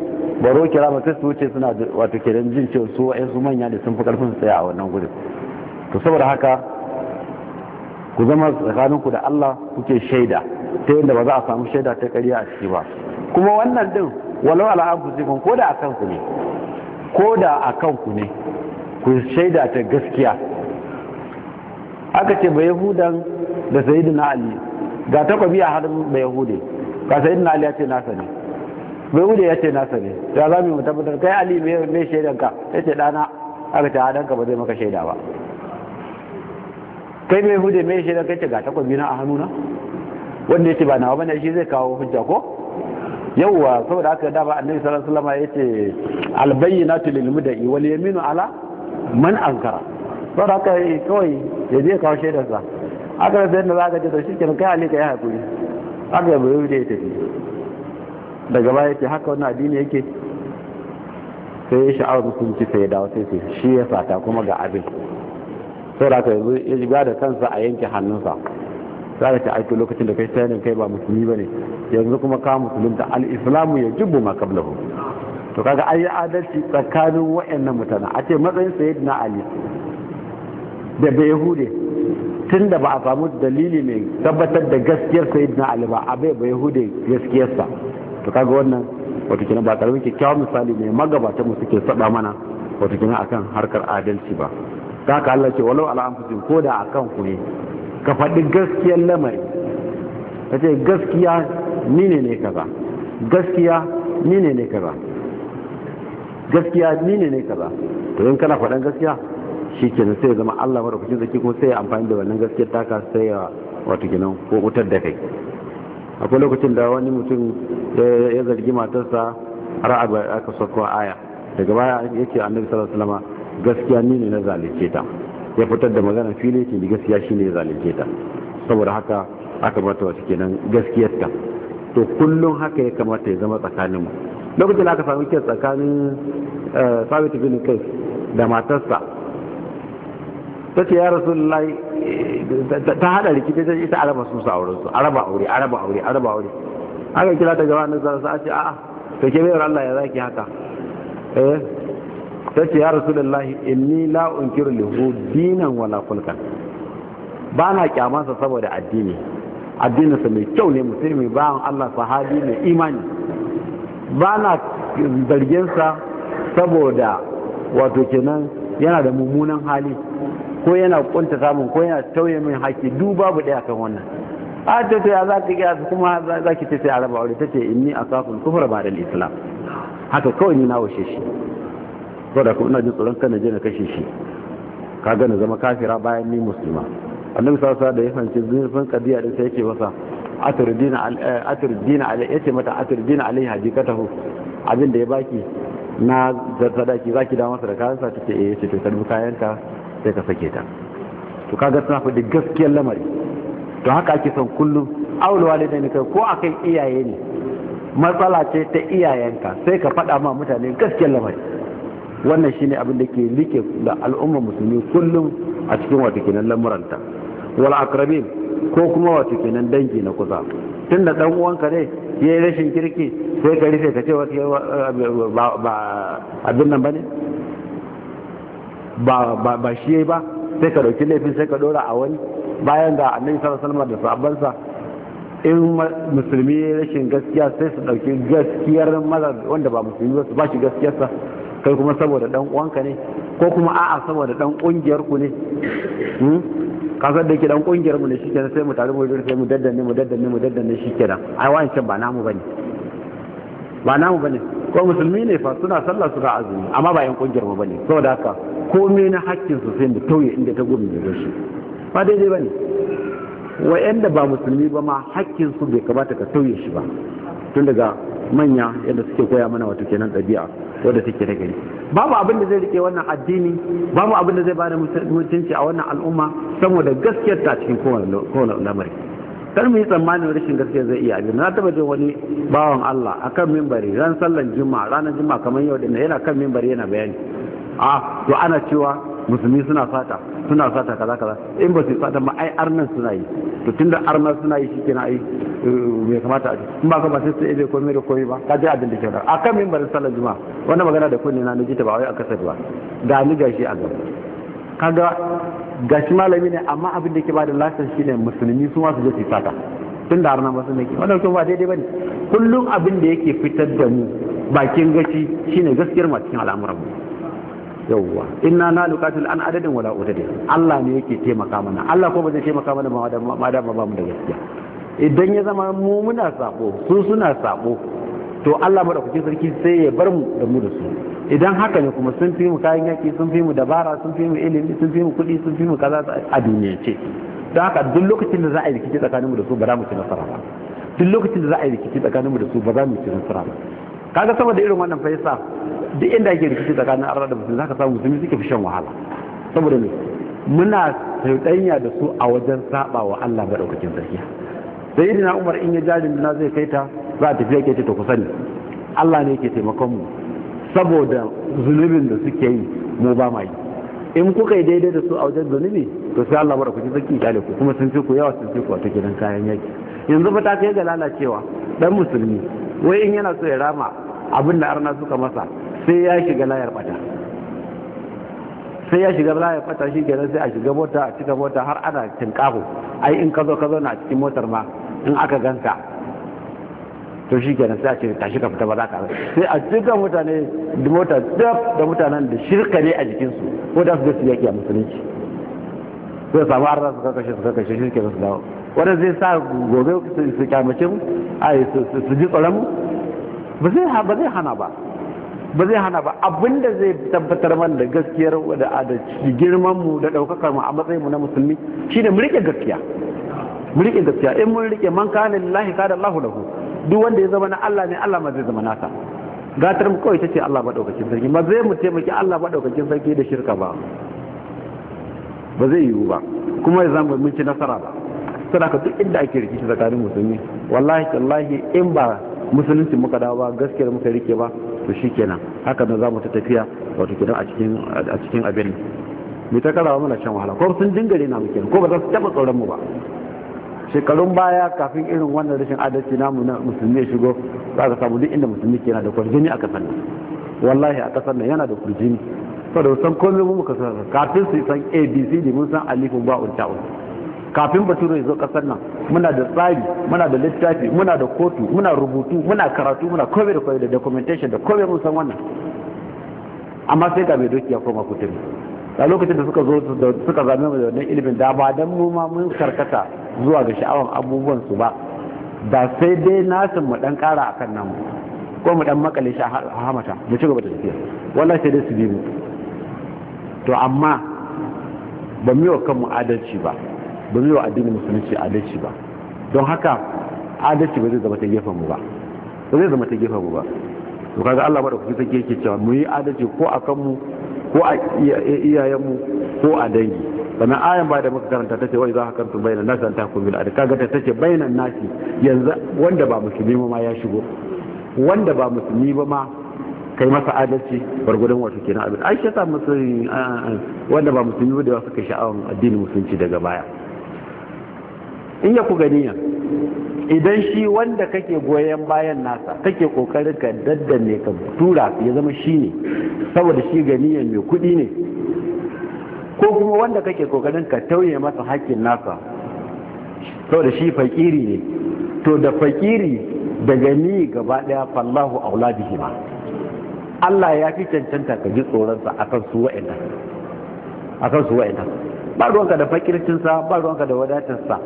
baro kira ba su wuce suna wato kiran jin cewa su wa'in su manya da sun fi karfin tsaya a wannan gurin to saboda haka ku zama tsakaninku da Allah kuke shaida ta yadda ba za a samu shaida ta ƙarya a ciki ba kuma wannan din walau ala anfusikum ko da a kanku ne ko da a kanku ne ku shaida ta gaskiya aka ce ba yahudan da sayidina ali ga takwabi a harin ba yahude ga sayidina ali ya ce nasa ne ba wuce ya ce nasa ne ya za mu tabbatar kai ali mai shaidan ka ya ce dana aka ce hadan ka ba zai maka shaida ba kai mai hude mai shaidan kai ce ga takwabi na a hannuna wanda ya ce ba nawa bane shi zai kawo hujja ko yawwa saboda haka da ba annabi sallallahu alaihi wasallam ya ce albayyinatu lil mudai wal yaminu ala man ankara ba da aka yi eh, kawai ya je kawo shaidarsa aka zai da za ka ce da shi kenan kai alika ya haƙuri aka yabo yau da ya tafi daga baya ce haka wani addini yake sai ya sha'awar musulunci sai ya dawo sai sai shi ya sata kuma ga abin sai da aka yanzu ya da kansa a yanke hannunsa za ka ce aiki lokacin da kai sayanin kai ba musulmi ba ne yanzu kuma ka musulunta al-islamu ya jubu ma kablahu to kaga ayi adalci tsakanin wa'annan mutane a ce matsayin sayid na ali da bai hude tun da ba a samu dalili mai tabbatar da gaskiyar sayid na ali ba a bai bai hude gaskiyarsa to kaga wannan wato kina ba karamin kyakkyawan misali ne magabatan mu suke saba mana wato kina akan harkar adalci ba kaka Allah ce walau ala anfusin ko da akan ku ne ka faɗi gaskiyar lamari ka ce gaskiya ni ne ne kaza gaskiya ni ne ne kaza gaskiya ni ne ne kaza to in kana faɗan gaskiya shi ke nan sai zama Allah kucin zaki kuma sai amfani da wannan gaskiyar taka sai ya wata kenan ko wutar da kai akwai lokacin da wani mutum ya zargi matarsa ra'ab aka sako aya daga baya ce annabi sallallahu alaihi wasallam gaskiya ni ne na zalunce ta ya fitar da magana fili ce gaskiya shi ne zalunce ta saboda haka aka bata wata kenan gaskiyar ta to kullum haka ya kamata ya zama tsakaninmu lokacin da aka sami kyan tsakanin sabit eh, bin kai da matarsa ta ce ya rasu lai eh, ta hada rikici ta ita araba su sauran su araba aure araba aure araba aure aka kira ta gaba nan sa ce a'a to ke bayar Allah ya zaki haka eh ta ce ya rasu rasulullahi inni la'un unkiru lihu dinan wala kulkan ba na kyamansa saboda addini addinin sa mai kyau ne musulmi ba Allah sahabi mai imani ba na zarginsa saboda wato kenan yana da mummunan hali ko yana kunta samun ko yana tauye min haƙƙi duk babu ɗaya kan wannan a ta ce za ta su, kuma za ki tafi araba aure ta ce inni a kafin kufra ba da islam haka kawai ni na washe shi ko da ina jin tsoron kan je na kashe shi ka gane zama kafira bayan ni musulma annabi sallallahu alaihi wasallam da ya fanci zurfin kadiya din sai yake masa aturdina eh, alai ya ce mata aturdina alai hajikatahu abin da ya baki na sadaki zaki da masa da kayansa ta ce eh ce to karbi kayanka sai ka sake ta to kaga suna faɗi gaskiyar lamari to haka ake son kullum aul walidaini kai ko akan iyaye ne matsala ce ta iyayenka sai ka faɗa ma mutane gaskiyar lamari wannan shine abin da ke rike da al'umma musulmi kullum a cikin wata kenan lamuranta wal akrabin ko kuma wato kenan dangi na kusa tun da dan uwanka ne yayi rashin kirki sai ka rufe ka ce ba abin nan bane ba ba ba shi ba sai ka dauki laifin sai ka dora a wani bayan ga annabi sallallahu alaihi wasallam da sahabbansa in musulmi rashin gaskiya sai su dauki gaskiyar maza wanda ba musulmi ba su ba shi gaskiyarsa kai kuma saboda dan uwanka ne ko kuma a'a saboda dan kungiyar ku ne hmm? san da ke dan kungiyar mu ne shikenan sai mu tare mu sai mu daddanne mu daddanne mu daddanne shikenan ai wancan ba namu bane ba namu bane ko musulmi ne fa suna sallah ga azumi amma ba yan kungiyar mu bane saboda haka komai na hakkin su sai mu tauye inda ta gobe da shi ba daidai bane wa'anda ba musulmi ba ma hakkin su bai kamata ka tauye shi ba tun daga manya yadda suke koya mana wato kenan ɗabi'a wadda take da gari babu abin da zai rike wannan addini babu abin da zai bada mutunci a wannan al'umma saboda gaskiyar ta cikin kowane lamari kar mu yi tsammanin rashin gaskiya zai iya abin na taba jin wani bawan Allah akan mimbari ran sallan juma'a ranar juma'a kamar yau din yana kan mimbari yana bayani a ah, to ana cewa musulmi suna fata suna fata kaza kaza in ba su fata ma ai arnan suna yi to tunda arnan suna yi shikenan ai me eh, kamata a in ba ka ba sai sai komai da komai ba ka ji abin da ke da akan mimbarin sallar juma'a wannan magana da kunni na ji ta ba wai a kasar ba da ni gashi a gaba kaga gashi malami ne amma abin da ke ba da lasar shine musulmi su ma su je su fata tun da arna ne nake wannan kuma ba daidai bane kullum abin da yake fitar da mu bakin gashi shine gaskiyar ma cikin al'amuran mu yawwa inna na lukatul an adadin wala udadin Allah ne yake taimaka mana Allah ko ba zai taimaka mana ma da ba mu da gaskiya idan ya zama mu muna sako su suna sako to Allah kuke sarki sai ya bar mu da mu da su idan haka ne kuma sun fi mu kayan yaki sun fi mu dabara sun fi mu ilimi sun fi mu kuɗi sun fi mu kaza a duniyance don haka duk lokacin da za a yi rikici mu da su ba za mu ci nasara ba duk lokacin da za a yi rikici mu da su ba za mu ci nasara ba kaga sama da irin wannan faisa duk inda ake rikici tsakanin arna da musulmi zaka samu musulmi suke fi shan wahala saboda ne muna saudanya da su a wajen saba wa Allah ga daukakin sarki sayyidina Umar in ya jaji na zai kai ta za a tafi yake ce to ku sani Allah ne yake taimakon mu saboda zulubin da suke yi mu ba ma yi in kuka yi daidai da su a wajen zunubi to sai Allah mara kuci zaki kyale ku kuma sun fi ku yawa sun fi ku a gidan kayan yaki yanzu ba ta kai ga lalacewa dan musulmi wai in yana so ya rama abin da arna suka masa sai ya shiga layar bata sai ya shiga layar bata shi kenan sai a shiga mota a cika mota har ana tinkaho ai in ka zo ka zo na cikin motar ma in aka ganta to shi kenan sai a ce tashi ka fita ba za ka sai a cika mutane da mota dab da mutanen da shirka ne a jikinsu ko da su ga su yaki a musulunci sai samu har su kakashe su kakashe shi ke su dawo wanda zai sa gobe su kyamacin a su ji tsoron ba zai hana ba ba zai hana ba abinda zai tabbatar man da gaskiyar da girman mu da daukakar mu a matsayin mu na musulmi shine mu rike gaskiya mu rike gaskiya in mun rike man kana lillahi kana Allahu lahu duk wanda ya zama na Allah ne Allah ma zai zama naka gatar mu kawai tace Allah madaukakin sarki ma zai mu taimaki Allah madaukakin sarki da shirka ba ba zai yiwu ba kuma ya zama mun ci nasara ba saboda duk inda ake rikici tsakanin musulmi wallahi tallahi in ba musulunci muka dawo ba gaskiyar muka rike ba to kenan haka za mu ta tafiya wato kidan a cikin a cikin abin mai ta karawa mana shan wahala ko sun dingare na muke ko ba za su taba tsoron mu ba shekarun baya kafin irin wannan rashin adalci namu na musulmi ya shigo za ka samu duk inda musulmi ke da kwarjini a kasar nan wallahi a kasar nan yana da kwarjini saboda san komai mu muka san kafin su san abcd mun san alifin ba'un ta'un kafin bature ya zo kasar nan muna da tsari muna da littafi muna da kotu muna rubutu muna karatu muna kome da kome da documentation da kome mun san wannan amma sai ga mai doki ya koma kutumi a lokacin da suka zo da suka zame mu da wannan ilimin da ba dan mu ma mun karkata zuwa ga sha'awan abubuwan su ba da sai dai na san mu dan kara akan mu, ko mu dan makale shi a hamata mu ci gaba da tafiya wallahi sai dai su bi mu to amma ba mu yi wa kanmu adalci ba ba zai wa addinin musulunci adalci ba don haka adalci ba zai zama ta gefen mu ba ba zai zama ta gefen mu ba to kaga Allah madaukaki take yake cewa mu yi adalci ko a kanmu ko a iyayenmu ko a dangi sannan ayan ba da muka karanta tace wai za ka kanta bayanan nasi an takum bil adl kaga ta tace bayanan nasi yanzu wanda ba musulmi ma ya shigo wanda ba musulmi ba ma kai masa adalci bargudan wato kenan abin ai shi yasa musulmi wanda ba musulmi ba da suka sha'awan addinin musulunci daga baya in ya ku ganiya idan shi wanda kake goyon bayan nasa kake kokarin ka daddane ka tura ya zama shi ne saboda shi ganiyan mai kuɗi ne ko kuma wanda kake kokarin ka tauye masa hakkin nasa saboda shi fakiri ne to da fakiri da gani gaba daya fallahu aula bihima Allah ya fi cancanta ka ji tsoronsa akan su su wa'annan ba ruwanka da fakircinsa ba ruwanka da wadatarsa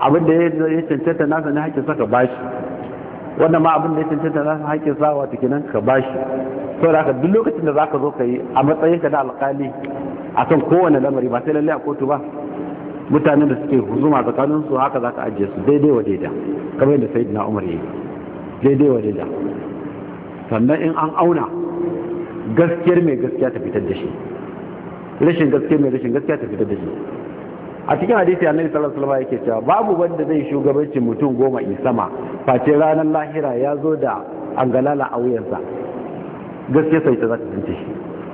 abin da ya cancanta nasa ne hakkin sa ka bashi wannan ma abin da ya cancanta nasa hakkin sa wato kenan ka bashi sau da haka duk lokacin da za ka zo ka yi a matsayin ka da alƙali kan kowane lamari ba sai lalle a kotu ba mutanen da suke huzuma tsakanin su haka ka ajiye su daidai wa daida kamar yadda na Umar yi daidai wa daida sannan in an auna gaskiyar mai gaskiya ta fitar da shi rashin gaskiyar mai rashin gaskiya ta fitar da shi a cikin hadisi annabi sallallahu alaihi wasallam yake cewa babu wanda zai shugabancin mutum goma sama face ranar lahira ya zo da angalala a wuyansa gaskiya sai ta zaka tunce shi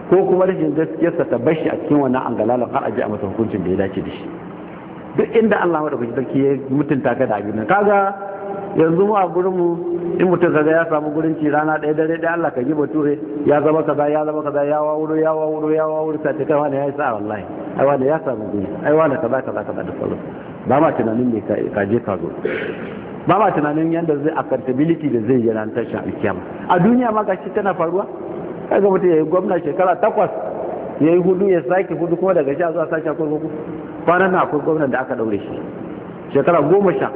ko kuma rashin sa ta bashi a cikin wannan angalalan har a ji a masa hukuncin da ya dace da shi duk inda Allah madaukakin sarki ya mutunta ka da abin nan kaga yanzu mu a gurin mu in mutum kaga ya samu gurin ci rana ɗaya dare ɗaya Allah ka ji bature ya zama kaza ya zama kaza ya wawuro ya wawuro ya wawuro ta ce kai wani ya yi sa'a wallahi ai wani ya samu guri ai wani kaza kaza kaza da sauran ba ma tunanin ne ka je ka zo ba ma tunanin yadda zai accountability da zai yi ranar tashin alkiyama a duniya ma gashi tana faruwa kai ga mutum ya yi gwamna shekara takwas ya yi hudu ya sake hudu kuma daga sha zuwa sashen kurkuku kwanan na akwai gwamnan da aka daure shi shekara goma sha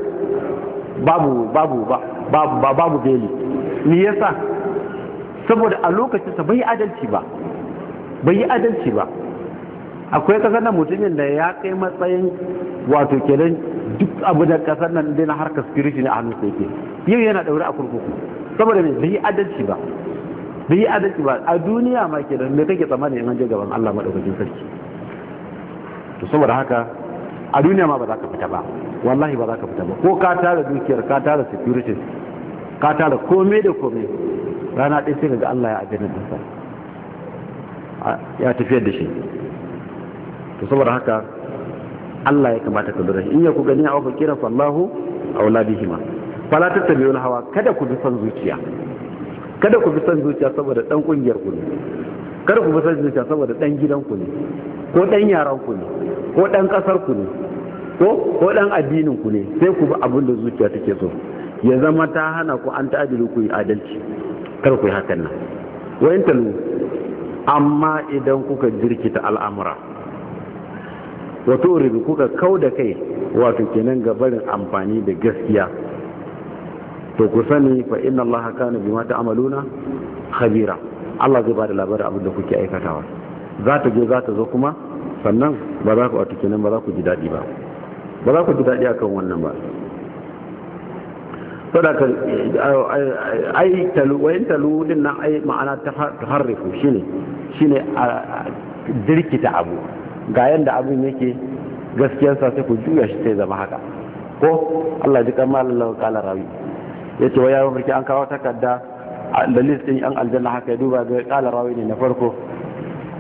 babu babu babu babu beli me yasa saboda a lokacin sa bai adalci ba bai adalci ba akwai kasar nan mutumin da ya kai matsayin wato kenan duk abu da kasar nan dai na harkar spirit ne a hannun sa yake yau yana daure a kurkuku saboda me bai adalci ba bai yi adalci ba a duniya ma kenan me kake tsammani in an je gaban Allah madaukakin sarki to saboda haka a duniya ma ba za ka fita ba wallahi ba za ka fita ba ko ka tara dukiyar ka tara securities ka tara komai da komai rana ɗaya sai ga Allah ya ajiye da ya tafiyar da shi to saboda haka Allah ya kamata ka lura in ya ku gani a fakira fallahu auladihima fala tattabi'ul hawa kada ku bi son zuciya kada ku bi son zuciya saboda dan kungiyar ku ne kada ku bi son zuciya saboda dan gidan ku ne ko dan yaran ku ne ko dan kasar ku ne ko ko dan addinin ku ne sai ku bi abin da zuciya take so ya zama ta hana ku an ta'adilu ku yi adalci kar ku yi hakan nan wayan talu amma idan kuka jirkita al'amura wato ribi kuka kau da kai wato kenan ga barin amfani da gaskiya to ku sani fa inna allaha kana bima ta'maluna khabira Allah zai bada labarin abin da kuke aikatawa za ta je za ta zo kuma sannan ba za ku wato kenan ba za ku ji daɗi ba ba za ku ji daɗi akan wannan ba sadaka ai talu wayin talu din nan ai ma'ana ta harrifu shine shine dirkita abu ga yanda abin yake gaskiyar sa sai ku juya shi sai zama haka ko Allah ji kan malallahu kala rawi yace wa yaro an kawo takarda da listin an aljanna haka ya duba ga kala rawi ne na farko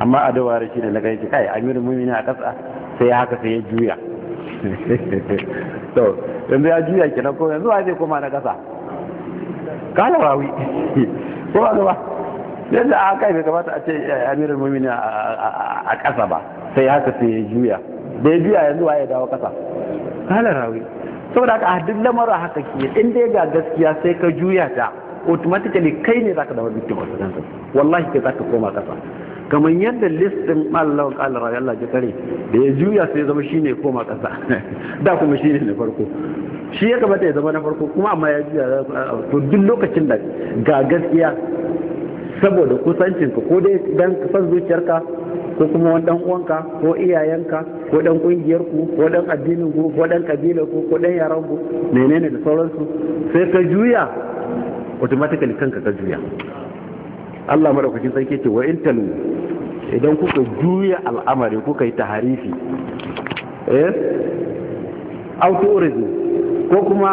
amma a dawara shi ne na gaji kai amirin mu'minin a kasa sai haka sai ya juya to yanzu ya juya kenan ko yanzu wa zai koma na kasa kala rawi ko ba ba yanzu a kai bai kamata a ce eh, amirul mu'minin a kasa ba sai haka sai ya juya da ya juya yanzu wa ya dawo kasa kala rawi saboda haka a duk lamarin haka ke in dai ga gaskiya sai ka juya ta automatically kai ne zaka dawo victim of wallahi ke zaka koma kasa kamar yadda listin Allah Allah ya Allah kare da ya juya sai ya zama shine koma ƙasa, *laughs* da kuma shine na farko shi ya kamata ya zama na farko kuma amma ya juya to duk lokacin da ga gaskiya saboda kusancin ka ko dai dan san zuciyarka ko kuma wani dan uwanka ko iyayenka ko dan kungiyar ku ko dan addinin ko dan kabila ku ko dan yaran ku menene da sauransu sai ka juya automatically kanka ka juya Allah madaukakin sarki ce wa in tanu idan kuka juya al'amari kuka yi taharifi eh autorism ko kuma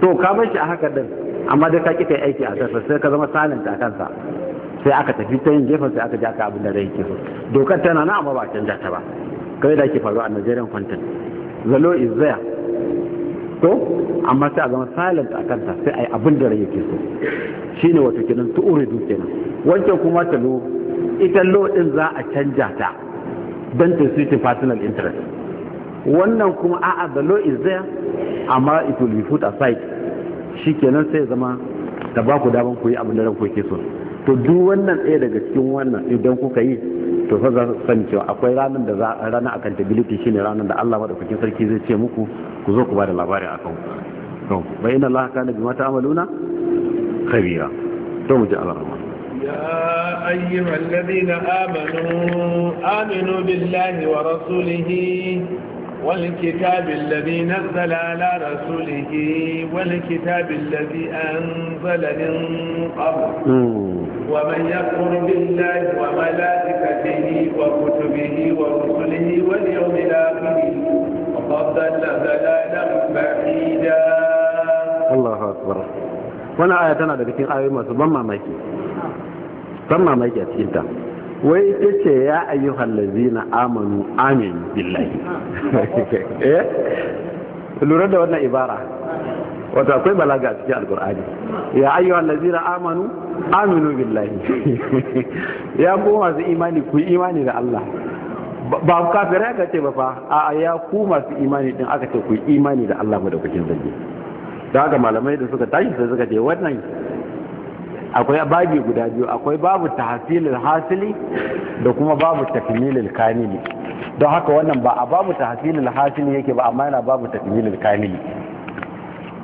to ka bar shi a haka din amma dai ka ki kai aiki a kansa sai ka zama salanta a kansa sai aka tafi ta yin gefen sai aka ji aka abin da zai ke dokar tana na amma ba canja ta ba kai da ke faru a Nigerian content zalo is there so amma sai a zama silent a kanta sai a yi abin da rai yake so Shi ne shine wato kenan tu'uridu kenan wancan kuma ta lo ita lo din za a canja ta don ta suitin personal interest wannan kuma a'a the law is there amma it will be put aside shi kenan sai zama da ba ku daban ku yi abin da ranku yake so to duk wannan ɗaya daga cikin wannan idan kuka yi to fa zan sani cewa akwai ranar da za ranar accountability shine ranar da Allah madaukakin sarki zai ce muku ku zo ku ba da labari akan to bayin Allah kana bima ta'maluna khabira to mu ji Allah يا أيها الذين آمنوا آمنوا wa rasulihi. والكتاب الذي نزل على رسوله والكتاب الذي أنزل من قبل ومن يكفر بالله وملائكته وكتبه ورسله واليوم الآخر وفضل ذلالا بعيدا الله أكبر وانا آية تنا daga cikin ayoyi masu ban mamaki ban mamaki a wai ita ce ya hallazi na amanu amin billahi *laughs* eh lura da wannan ibara wata akwai balaga a cikin alkur'ani ya hallazi na amanu aminu billahi *laughs* ya ku masu imani ku imani da Allah ba kafirai aka ce ba fa a ya ku masu imani din aka ce ku imani da Allah madaukakin zargi da haka malamai da suka tashi sai suka ce wannan akwai babi guda biyu akwai babu tahsilil hasili da kuma babu takmilil kamili don haka wannan ba a babu tahsilil hasili yake ba amma yana babu takmilil kamili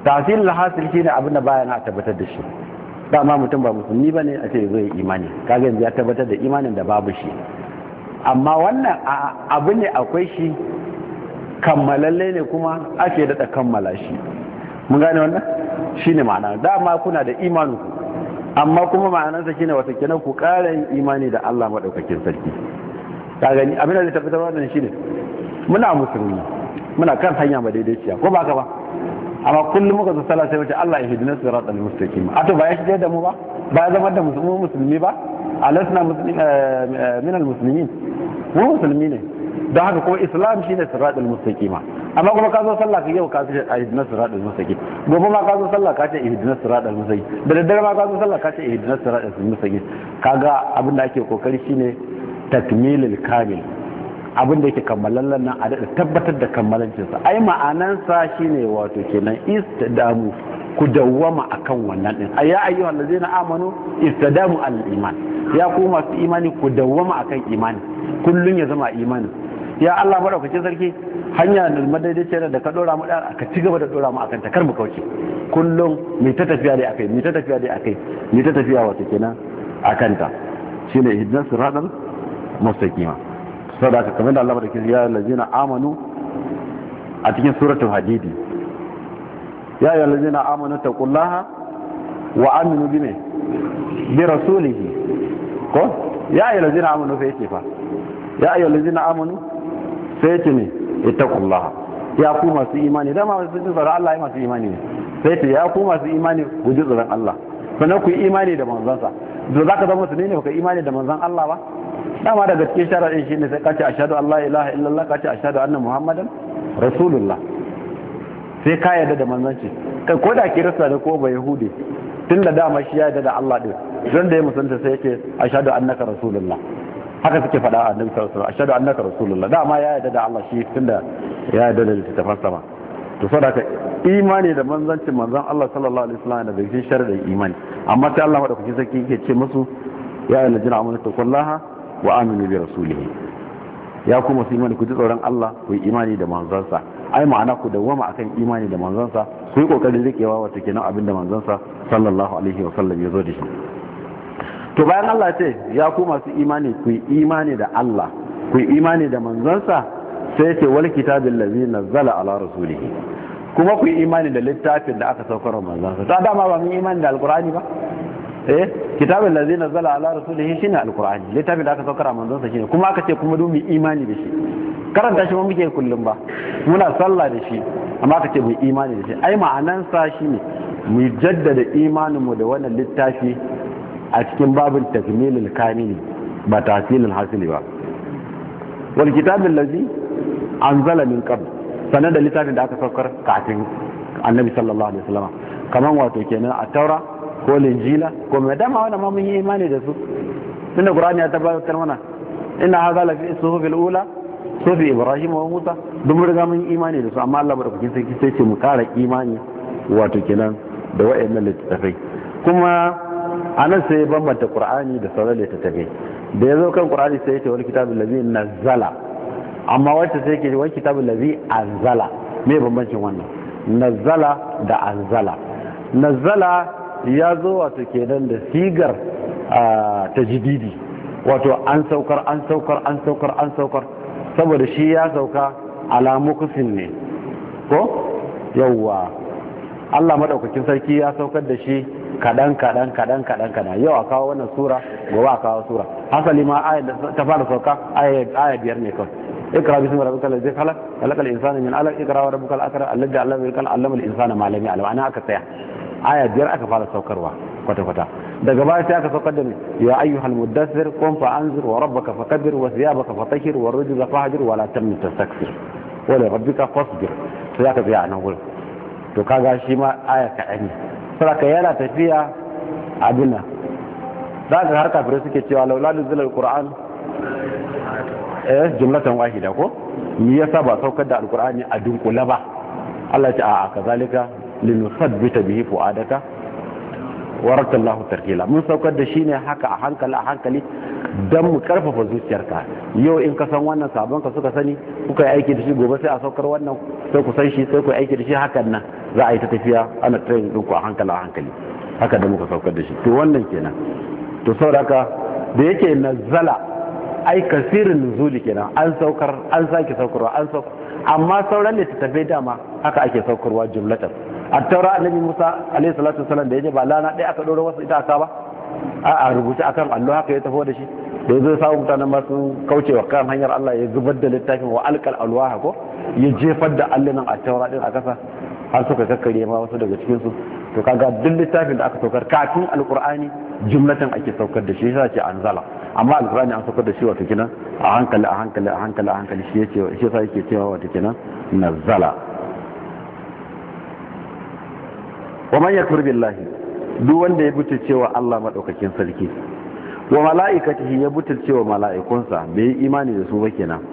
tahsilil hasili shine abin da baya na tabbatar da shi dama mutum ba musulmi bane a ce zai imani kaga yanzu ya tabbatar da imanin da babu shi amma wannan abu ne akwai shi kammalalle ne kuma ake daɗa kammala shi mun gane wannan shine ma'ana dama kuna da imaninku amma kuma ma'anarsa shine wata kenan ku ƙara yin imani da Allah maɗaukakin sarki ka gani abin da tafi tabbatar da shine muna musulmi muna kan hanya ba daidaiciya ko ba ka ba amma kullum muka zo sallah sai wace Allah ya hidina siratal mustaqim a to ba ya shige da mu ba ba ya zama da musulmi musulmi ba alasna min eh, eh, al muslimin mu musulmi ne don haka kuma islam shine siratul mustaqima amma kuma ka zo sallah ka yau ka ce ihdinas siratal mustaqim gobe ma ka zo sallah ka ce ihdinas siratal mustaqim da daddare ma ka zo sallah ka ce ihdinas siratal mustaqim kaga abin da ake kokari shine takmilul kamil abin da yake kammalallan nan a daɗa tabbatar da kammalancin sa ai ma'anansa shine wato kenan istadamu ku dawwama akan wannan din ayya ayyuhal ladzina amanu istadamu al iman ya ku masu imani ku dawwama akan imani kullun ya zama imani ya Allah madaukakin sarki hanya da madaidaiciyar da ka dora mu dan ka ci gaba da dora mu akan ta kar mu kauce kullum me ta tafiya dai akai me ta tafiya dai akai me ta tafiya wato kenan akan ta shine ihdinas siratal mustaqima saboda haka kamar da Allah madaukakin ya lazina amanu a cikin suratul hadidi ya ayyuhal ladzina amanu ta kullaha wa aminu bima bi rasulihi ko ya ayyuhal ladzina amanu fa yake fa ya ayyuhal ladzina amanu sai ce ne kula ya ku masu imani da masu jin tsoron Allah ya masu imani ne sai ce ya ku masu imani ku ji tsoron Allah sannan ku yi imani da manzansa da za ka zama musulmi ne ka imani da manzan Allah ba dama daga cikin shara'in shi ne sai kace ashhadu an la ilaha illallah kace ashhadu anna muhammadan rasulullah sai ka yarda da manzanci kai ko da kirista da ko ba yahudi tun da dama shi ya yarda da Allah din don da ya musanta sai yake ashhadu annaka rasulullah haka suke faɗa a annabi sallallahu alaihi wasallam ashhadu annaka rasulullah ma ya yarda da Allah shi tunda ya yarda da littafin sama to saboda imani da manzancin manzan Allah sallallahu alaihi wasallam da bai da imani amma sai Allah kuke sarki yake ce musu ya ayyuhal ladina amanu taqullaha wa aminu bi rasulih ya kuma su imani ku ji tsoron Allah ku yi imani da manzansa ai ma'ana ku dawwama akan imani da manzansa ku yi kokarin rikewa wato kenan abinda da manzansa sallallahu alaihi wasallam ya zo da shi to bayan Allah ce ya ku masu imani ku yi imani da Allah ku yi imani da manzansa sai ce wal kitabin ladzi nazzala ala rasulihi kuma ku yi imani da littafin da aka saukar manzansa ta dama ba mun imani da alqur'ani ba eh kitabin ladzi nazzala ala rasulihi shine alqur'ani littafin da aka saukar manzansa shine kuma aka ce kuma mu imani da shi karanta shi mun muke kullum ba muna sallah da shi amma aka ce mu imani da shi ai ma'anansa shine mu jaddada imaninmu da wannan littafi a cikin babin takmilul kamili ba tahsilul hasili ba wal lazi an zala min qabl sanan da littafin da aka saukar kafin annabi sallallahu alaihi wasallam kaman wato kenan a taura ko linjila ko mai dama wani ma mun yi imani da su tunda qur'ani ya tabbatar mana ina ha zala fi suhufil ula fi ibrahim wa musa duk mun riga mun imani da su amma Allah bada sarki sai ce mu kara imani wato kenan da wa'annan littafai kuma a nan sai ya bambanta qur'ani da sauran littattafai da ya zo kan qur'ani sai ya ce wani kitabul ladhi nazzala amma wacce sai ke wani kitabul ladhi anzala me bambancin wannan nazzala da anzala nazzala ya zo wato kenan da sigar ta jididi wato an saukar an saukar an saukar an saukar saboda shi ya sauka alamu kusin ne ko yawwa Allah madaukakin sarki ya saukar da shi kadan kadan kadan kadan kadan yau a kawo wannan sura gobe a kawo sura hasali ma ayat da ta fara sauka ayat biyar ne kawai ladzi khalaq khalaqal insana min alaq ikra wa rabbikal akram وربك allama bil علم allama al insana ma lam ya'lam ana aka tsaya ayat biyar aka fara saukarwa kwata kwata daga baya sai aka saukar da ni ya ayyuhal muddathir qum fa anzir wa rabbaka fakabbir wa thiyabaka fatahhir wa rujza fahjir wa la tamnun tastakbir wa li rabbika fasbir sai aka tsaya a nan gurin to kaga shi ma aya ka ne saraka yana tafiya a dina za ka har kafirai suke cewa laulalin zilar ƙura'an eh jumlatan wahida ko ni yasa ba saukar da alkur'ani a dunkula ba Allah ya a kazalika linusabbita bihi fuadaka warakallahu tarkila mun saukar da shine haka a hankali a hankali dan mu karfafa zuciyarka yau in ka san wannan sabon ka suka sani kuka yi aiki da shi gobe sai a saukar wannan sai ku san shi sai ku aiki da shi hakan nan za a yi ta tafiya ana train din ku a hankali a hankali haka da muka saukar da shi to wannan kenan to sauraka da yake nazala ai kasirin nuzuli kenan an saukar an sake saukarwa an sauka amma sauran ta littattafai dama haka ake saukarwa jumlatan attaura annabi musa alaihi salatu wasallam da yaje ba lana dai aka dora wasu ita aka ba a rubuce akan allo haka ya tafi da shi da zai sa mutanen masu kaucewa kan hanyar Allah ya zubar da littafin wa alqal alwaha ko ya jefar da allinan a taura din a kasa har suka kakkare ma wasu daga cikin su to kaga duk littafin da aka saukar kafin alqur'ani jumlatan ake saukar da shi yasa ce anzala amma alqur'ani an saukar da shi wato kina a hankali a hankali a hankali a hankali shi yake shi yasa yake cewa wato kina nazala wa man yakfur billahi duk wanda ya buta cewa Allah madaukakin sarki wa mala'ikatihi ya buta cewa mala'ikunsa bai imani da su ba kenan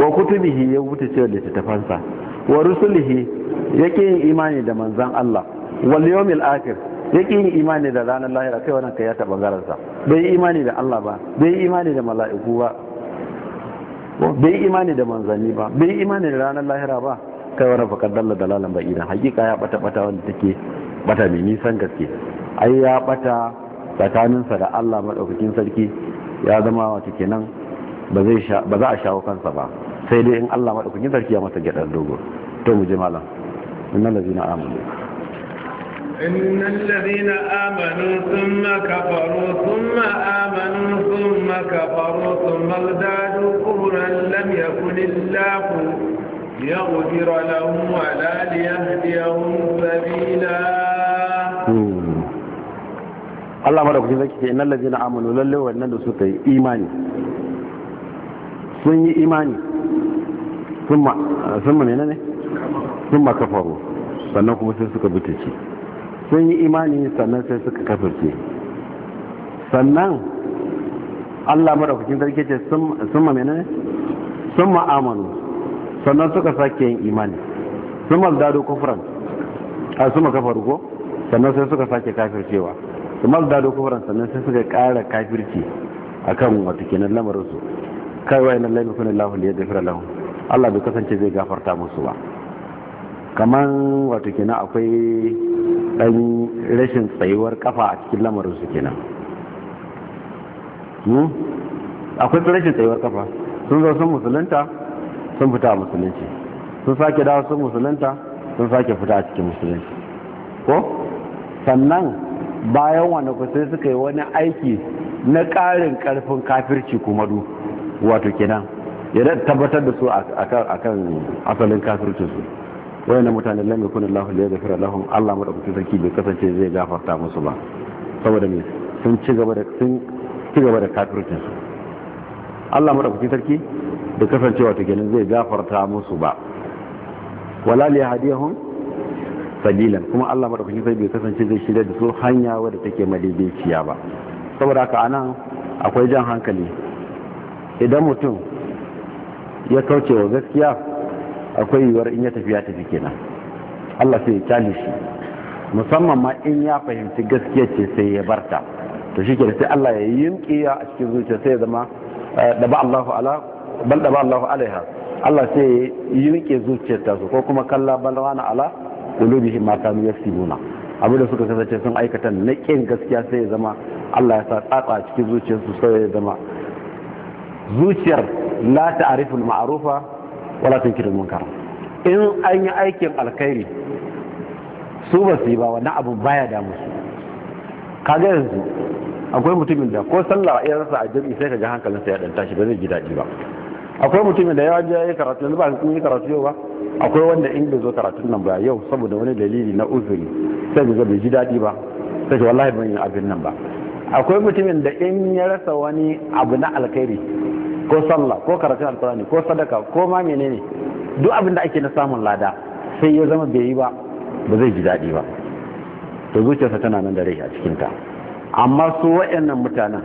wa kutubihi ya buta cewa littattafansa wa rusulihi yake yin imani da manzan Allah wal yawmil akhir yake yin imani da ranar lahira kai wannan kai ya taɓa garansa bai yi imani da Allah ba bai yi imani da mala'iku ba bai yi imani da manzanni ba bai yi imani da ranar lahira ba kai wannan fa dalla dalalan ba idan hakika ya bata bata wanda take bata mai nisan gaske ai ya bata tsakaninsa da Allah madaukakin sarki ya zama wata kenan ba za a shawo kansa ba sai dai in Allah madaukakin ya masa gyaɗar dogo to mu je malam innal ladina amanu إن الذين آمنوا ثم كفروا ثم آمنوا ثم كفروا ثم ازدادوا كفرا لم يكن الله ليغفر لهم ولا ليهديهم سبيلا Allah madaukakin zaki ce innal ladina amanu lalle wannan da suka yi imani sun yi imani sun ne ne sun kafaru sannan kuma sai suka butace sun yi imani sannan sai suka kafirce sannan allah maɗaukakin sarki ce sun ma menene sun amanu sannan suka sake yin imani sun mazdado kufuran a sun kafaru ko sannan sai suka sake kafircewa sun mazdado kufuran sannan sai suka kara kafirci kan wata kenan lamarinsu kai wa yana lahun da ya gafira lahul Allah bai kasance zai gafarta musu ba kamar wato kenan akwai dan rashin tsayuwar kafa a cikin lamarin su kenan hmm? akwai rashin tsayuwar kafa sun zo sun musulunta sun fita a musulunci sun sake dawo sun musulunta sun sake fita a cikin musulunci ko sannan bayan wani sai suka yi wani aiki na ƙarin ƙarfin kafirci kuma du wato kenan ya da tabbatar da su akan asalin kafircin su na mutane lam yakun Allah li yaghfir lahum Allah madaukakin sarki bai kasance zai gafarta musu ba saboda me sun ci gaba da sun ci gaba da kafircin su Allah madaukakin sarki da kasancewa ta kenan zai gafarta musu ba wala li hadiyahum sabilan kuma Allah madaukakin sarki bai kasance zai shirya da su hanya wadda take madaidaiciya ba saboda haka anan akwai jan hankali idan mutum ya kauce wa gaskiya akwai yiwuwar in ya tafi ya tafi kenan Allah sai ya kyale shi musamman ma in ya fahimci gaskiya ce sai ya barta to shi kenan sai Allah ya yi a cikin zuciya sai ya zama eh, daba Allahu ala bal daba Allahu alaiha Allah sai ya yi zuciyar ta ko kuma kalla balwana ala qulubihim ma kanu yasibuna abu da suka kasance sun aikata na kin gaskiya sai ya zama Allah ya sa tsatsa a cikin zuciyarsu sai ya zama zuciyar la ta'riful ma'rufa wala tunkirul munkar in an yi aikin alkhairi su ba su yi ba wannan abu baya da musu kaga yanzu akwai mutumin da ko sallah ya rasa a jami'i sai kaga sa ya dan tashi ba zai ji daɗi ba akwai mutumin da ya je ya karatu yanzu ba kun yi karatu yau ba akwai wanda in bai zo karatun nan ba yau saboda wani dalili na uzuri sai ga bai ji daɗi ba sai wallahi ban yi abin nan ba akwai mutumin da in ya rasa wani abu na alkhairi ko sallah ko karatun alkurani ko sadaka ko ma menene duk abin da ake na samun lada sai ya zama bai yi ba ba zai ji daɗi ba to zuciyarsa tana nan da rai a cikin ta amma su wa'annan mutanen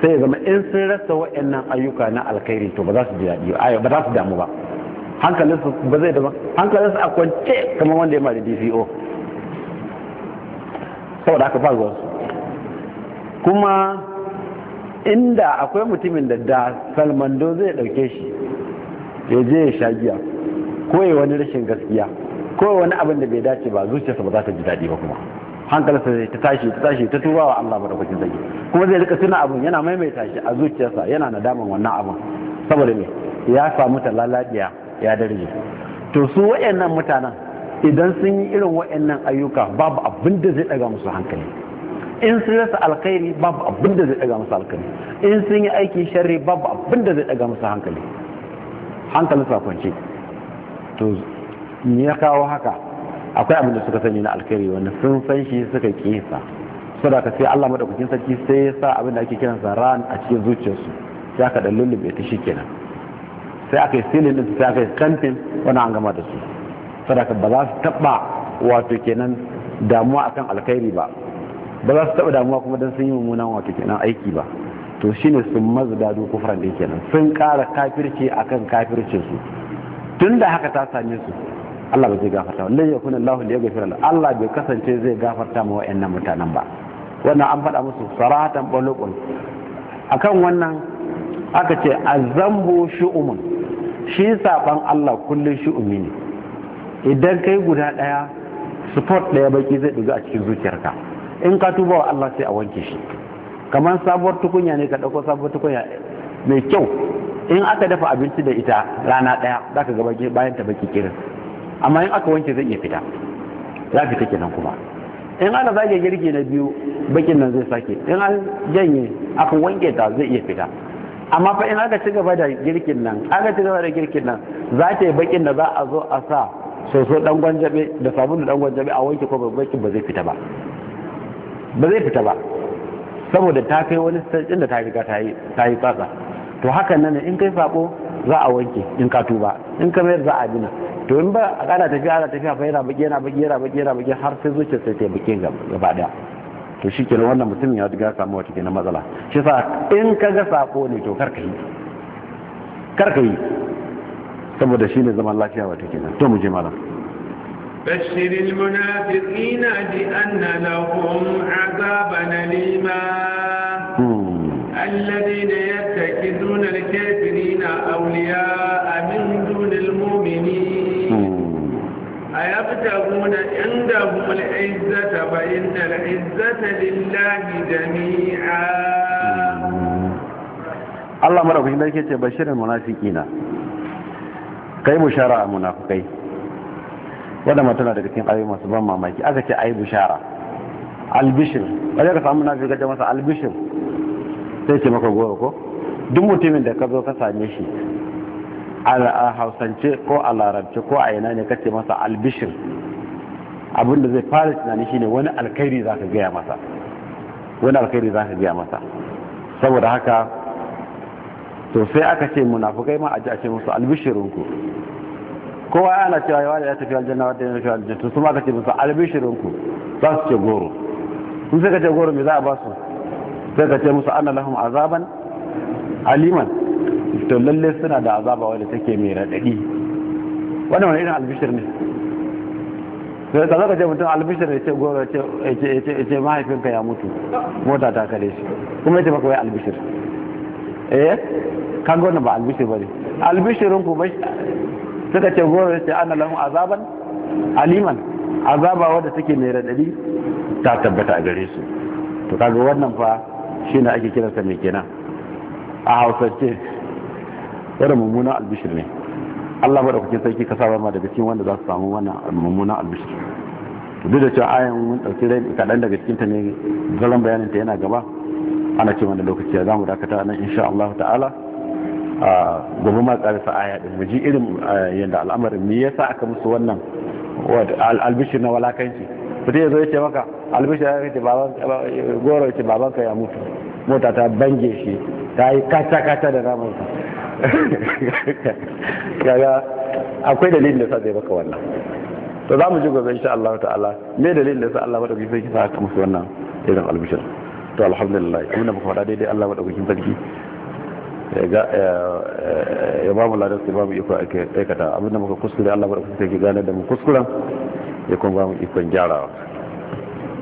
sai ya zama in sun rasa wa'annan ayyuka na alkhairi to ba za su ji daɗi ba ba za su damu ba hankalinsu ba zai da hankalinsu a kwance kamar wanda ya mari DCO saboda aka faruwa kuma inda akwai mutumin da da salmando zai dauke shi ya je ya sha giya ko ya wani rashin gaskiya ko wani abin da bai dace ba zuciyarsa ba za ta ji daɗi ba kuma hankalinsa zai ta tashi ta tashi ta tuba wa Allah madaukakin sarki kuma zai rika tuna abin yana maimaita shi a zuciyarsa yana nadaman wannan abin saboda me ya samu ta lalabiya ya darje to su wayannan mutanen idan sun yi irin wayannan ayyuka babu abin da zai daga musu hankali in sun rasa alkhairi babu abin da zai daga musu alkhairi in sun yi aiki sharri babu abin da zai daga musu hankali hankalin sa kwance to ni ya kawo haka akwai abin da suka sani na alkhairi wanda sun san shi suka kisa saboda ka sai Allah madaukakin sarki sai ya sa abin da ake kiransa ran a cikin zuciyarsu sai aka dan lullube ta shikenan sai aka yi silin din sai aka yi kantin wani an gama da su saboda ba za su taba wato kenan damuwa akan alkhairi ba ba za su taɓa damuwa kuma don sun yi mummunan wato kenan aiki ba to shine sun da kufran da kenan sun ƙara kafirci akan kafircin su tun da haka ta same su Allah ba zai gafarta wa lai Allah li yaghfira Allah bai kasance zai gafarta ma wayannan mutanen ba wannan an faɗa musu saratan A akan wannan aka ce azambu shu'umun shi saban Allah kullun shu'umi ne idan kai guda ɗaya, support ɗaya baki zai diga a cikin zuciyarka in ka tuba wa Allah sai a wanke shi kamar sabuwar tukunya ne ka dauko sabuwar tukunya mai kyau in aka dafa abinci da ita rana ɗaya za ka gaba bayan ta baki kirin amma in aka wanke zai iya fita za fita kenan kuma in ana zage girki na biyu bakin nan zai sake in an janye aka wanke ta zai iya fita amma fa in aka ci gaba da girkin nan aka ci gaba da girkin nan za ta yi bakin da za a zo a sa soso dangon jabe da sabulu dangon jabe a wanke ko bakin ba zai fita ba ba zai fita ba saboda ta kai wani sarkin da ta riga ta yi tsatsa to haka nan in kai fako za a wanke in ka tuba in ka mayar za a gina to in ba a kana tafiya ana tafiya fa yana baki yana baki yana baki yana baki har sai zuciyar sai ta baki gaba daya to shi kenan wannan mutum ya riga samu wata kenan matsala shi sa in ka ga sako ne to kar ka yi kar ka yi saboda shi ne zaman lafiya wata kenan to mu je malam بشر المنافقين بأن لهم عذابا أليما الذين يتخذون الكافرين أولياء من دون المؤمنين أيبتغون عندهم العزة فإن العزة لله جميعا الله مرحبا بشر المنافقين كيف شرع المنافقين wannan ma tana daga cikin ayoyi masu ban mamaki aka ce ai bishara albishir wajen ka samu nafi gajen masa albishir sai ce maka goro ko duk mutumin da ka zo ka same shi a hausance ko a larabce ko a yana ne ka ce masa albishir abinda da zai fara tunani ne wani alkhairi za ka gaya masa wani alkhairi za ka gaya masa saboda haka to sai aka ce munafukai ma a ji a ce musu albishirinku kowa ana cewa yawa da ya tafi aljanna wata ya tafi aljanna su ma ka ce musu ku za su ce goro sun sai ka ce goro mai za a ba su sai ka ce musu ana lahum azaban aliman to lalle suna da azaba wadda take mai raɗaɗi wannan wani irin albishir ne sai ka zaka ce mutum albishir ya ce goro ya ce mahaifinka ya mutu mota ta kare shi kuma ya ce maka wai albishir eh kan gona ba albishir ba ne ba suka ce goro ce ana lahum azaban aliman azaba wadda take mai radadi ta tabbata a gare su to kaga wannan fa shi ne ake kiransa mai kenan a hausance wadda mummunan albishir ne Allah ba da kuke sarki ka saba ma daga cikin wanda za su samu wannan mummunan albishir duk da cewa ayan mun dauki rai kaɗan daga cikinta ne zalon bayaninta ta yana gaba ana cewa wanda lokaci za mu dakata nan insha Allah ta'ala a gobe ma tsarisa aya din mu ji irin yadda al'amarin me yasa aka musu wannan albishir na walakanci mutum yanzu zo ya ce maka albishir ya ce baban goro ya ce baban ka ya mutu mota ta bange shi ta yi kata kata da ramar *laughs* kaga akwai dalilin da sa zai baka wannan to za mu ji gobe insha Allah ta'ala me dalilin da sa Allah madauki sai ki sa aka musu wannan irin albishir to alhamdulillah kuma ba ku faɗa daidai Allah madaukakin sarki Eh, eh, ya ba mu ladar su ba mu iko aikata abinda muka kuskure allah ba da kuskure gane da mu kuskuren ya kuma ba mu ikon gyarawa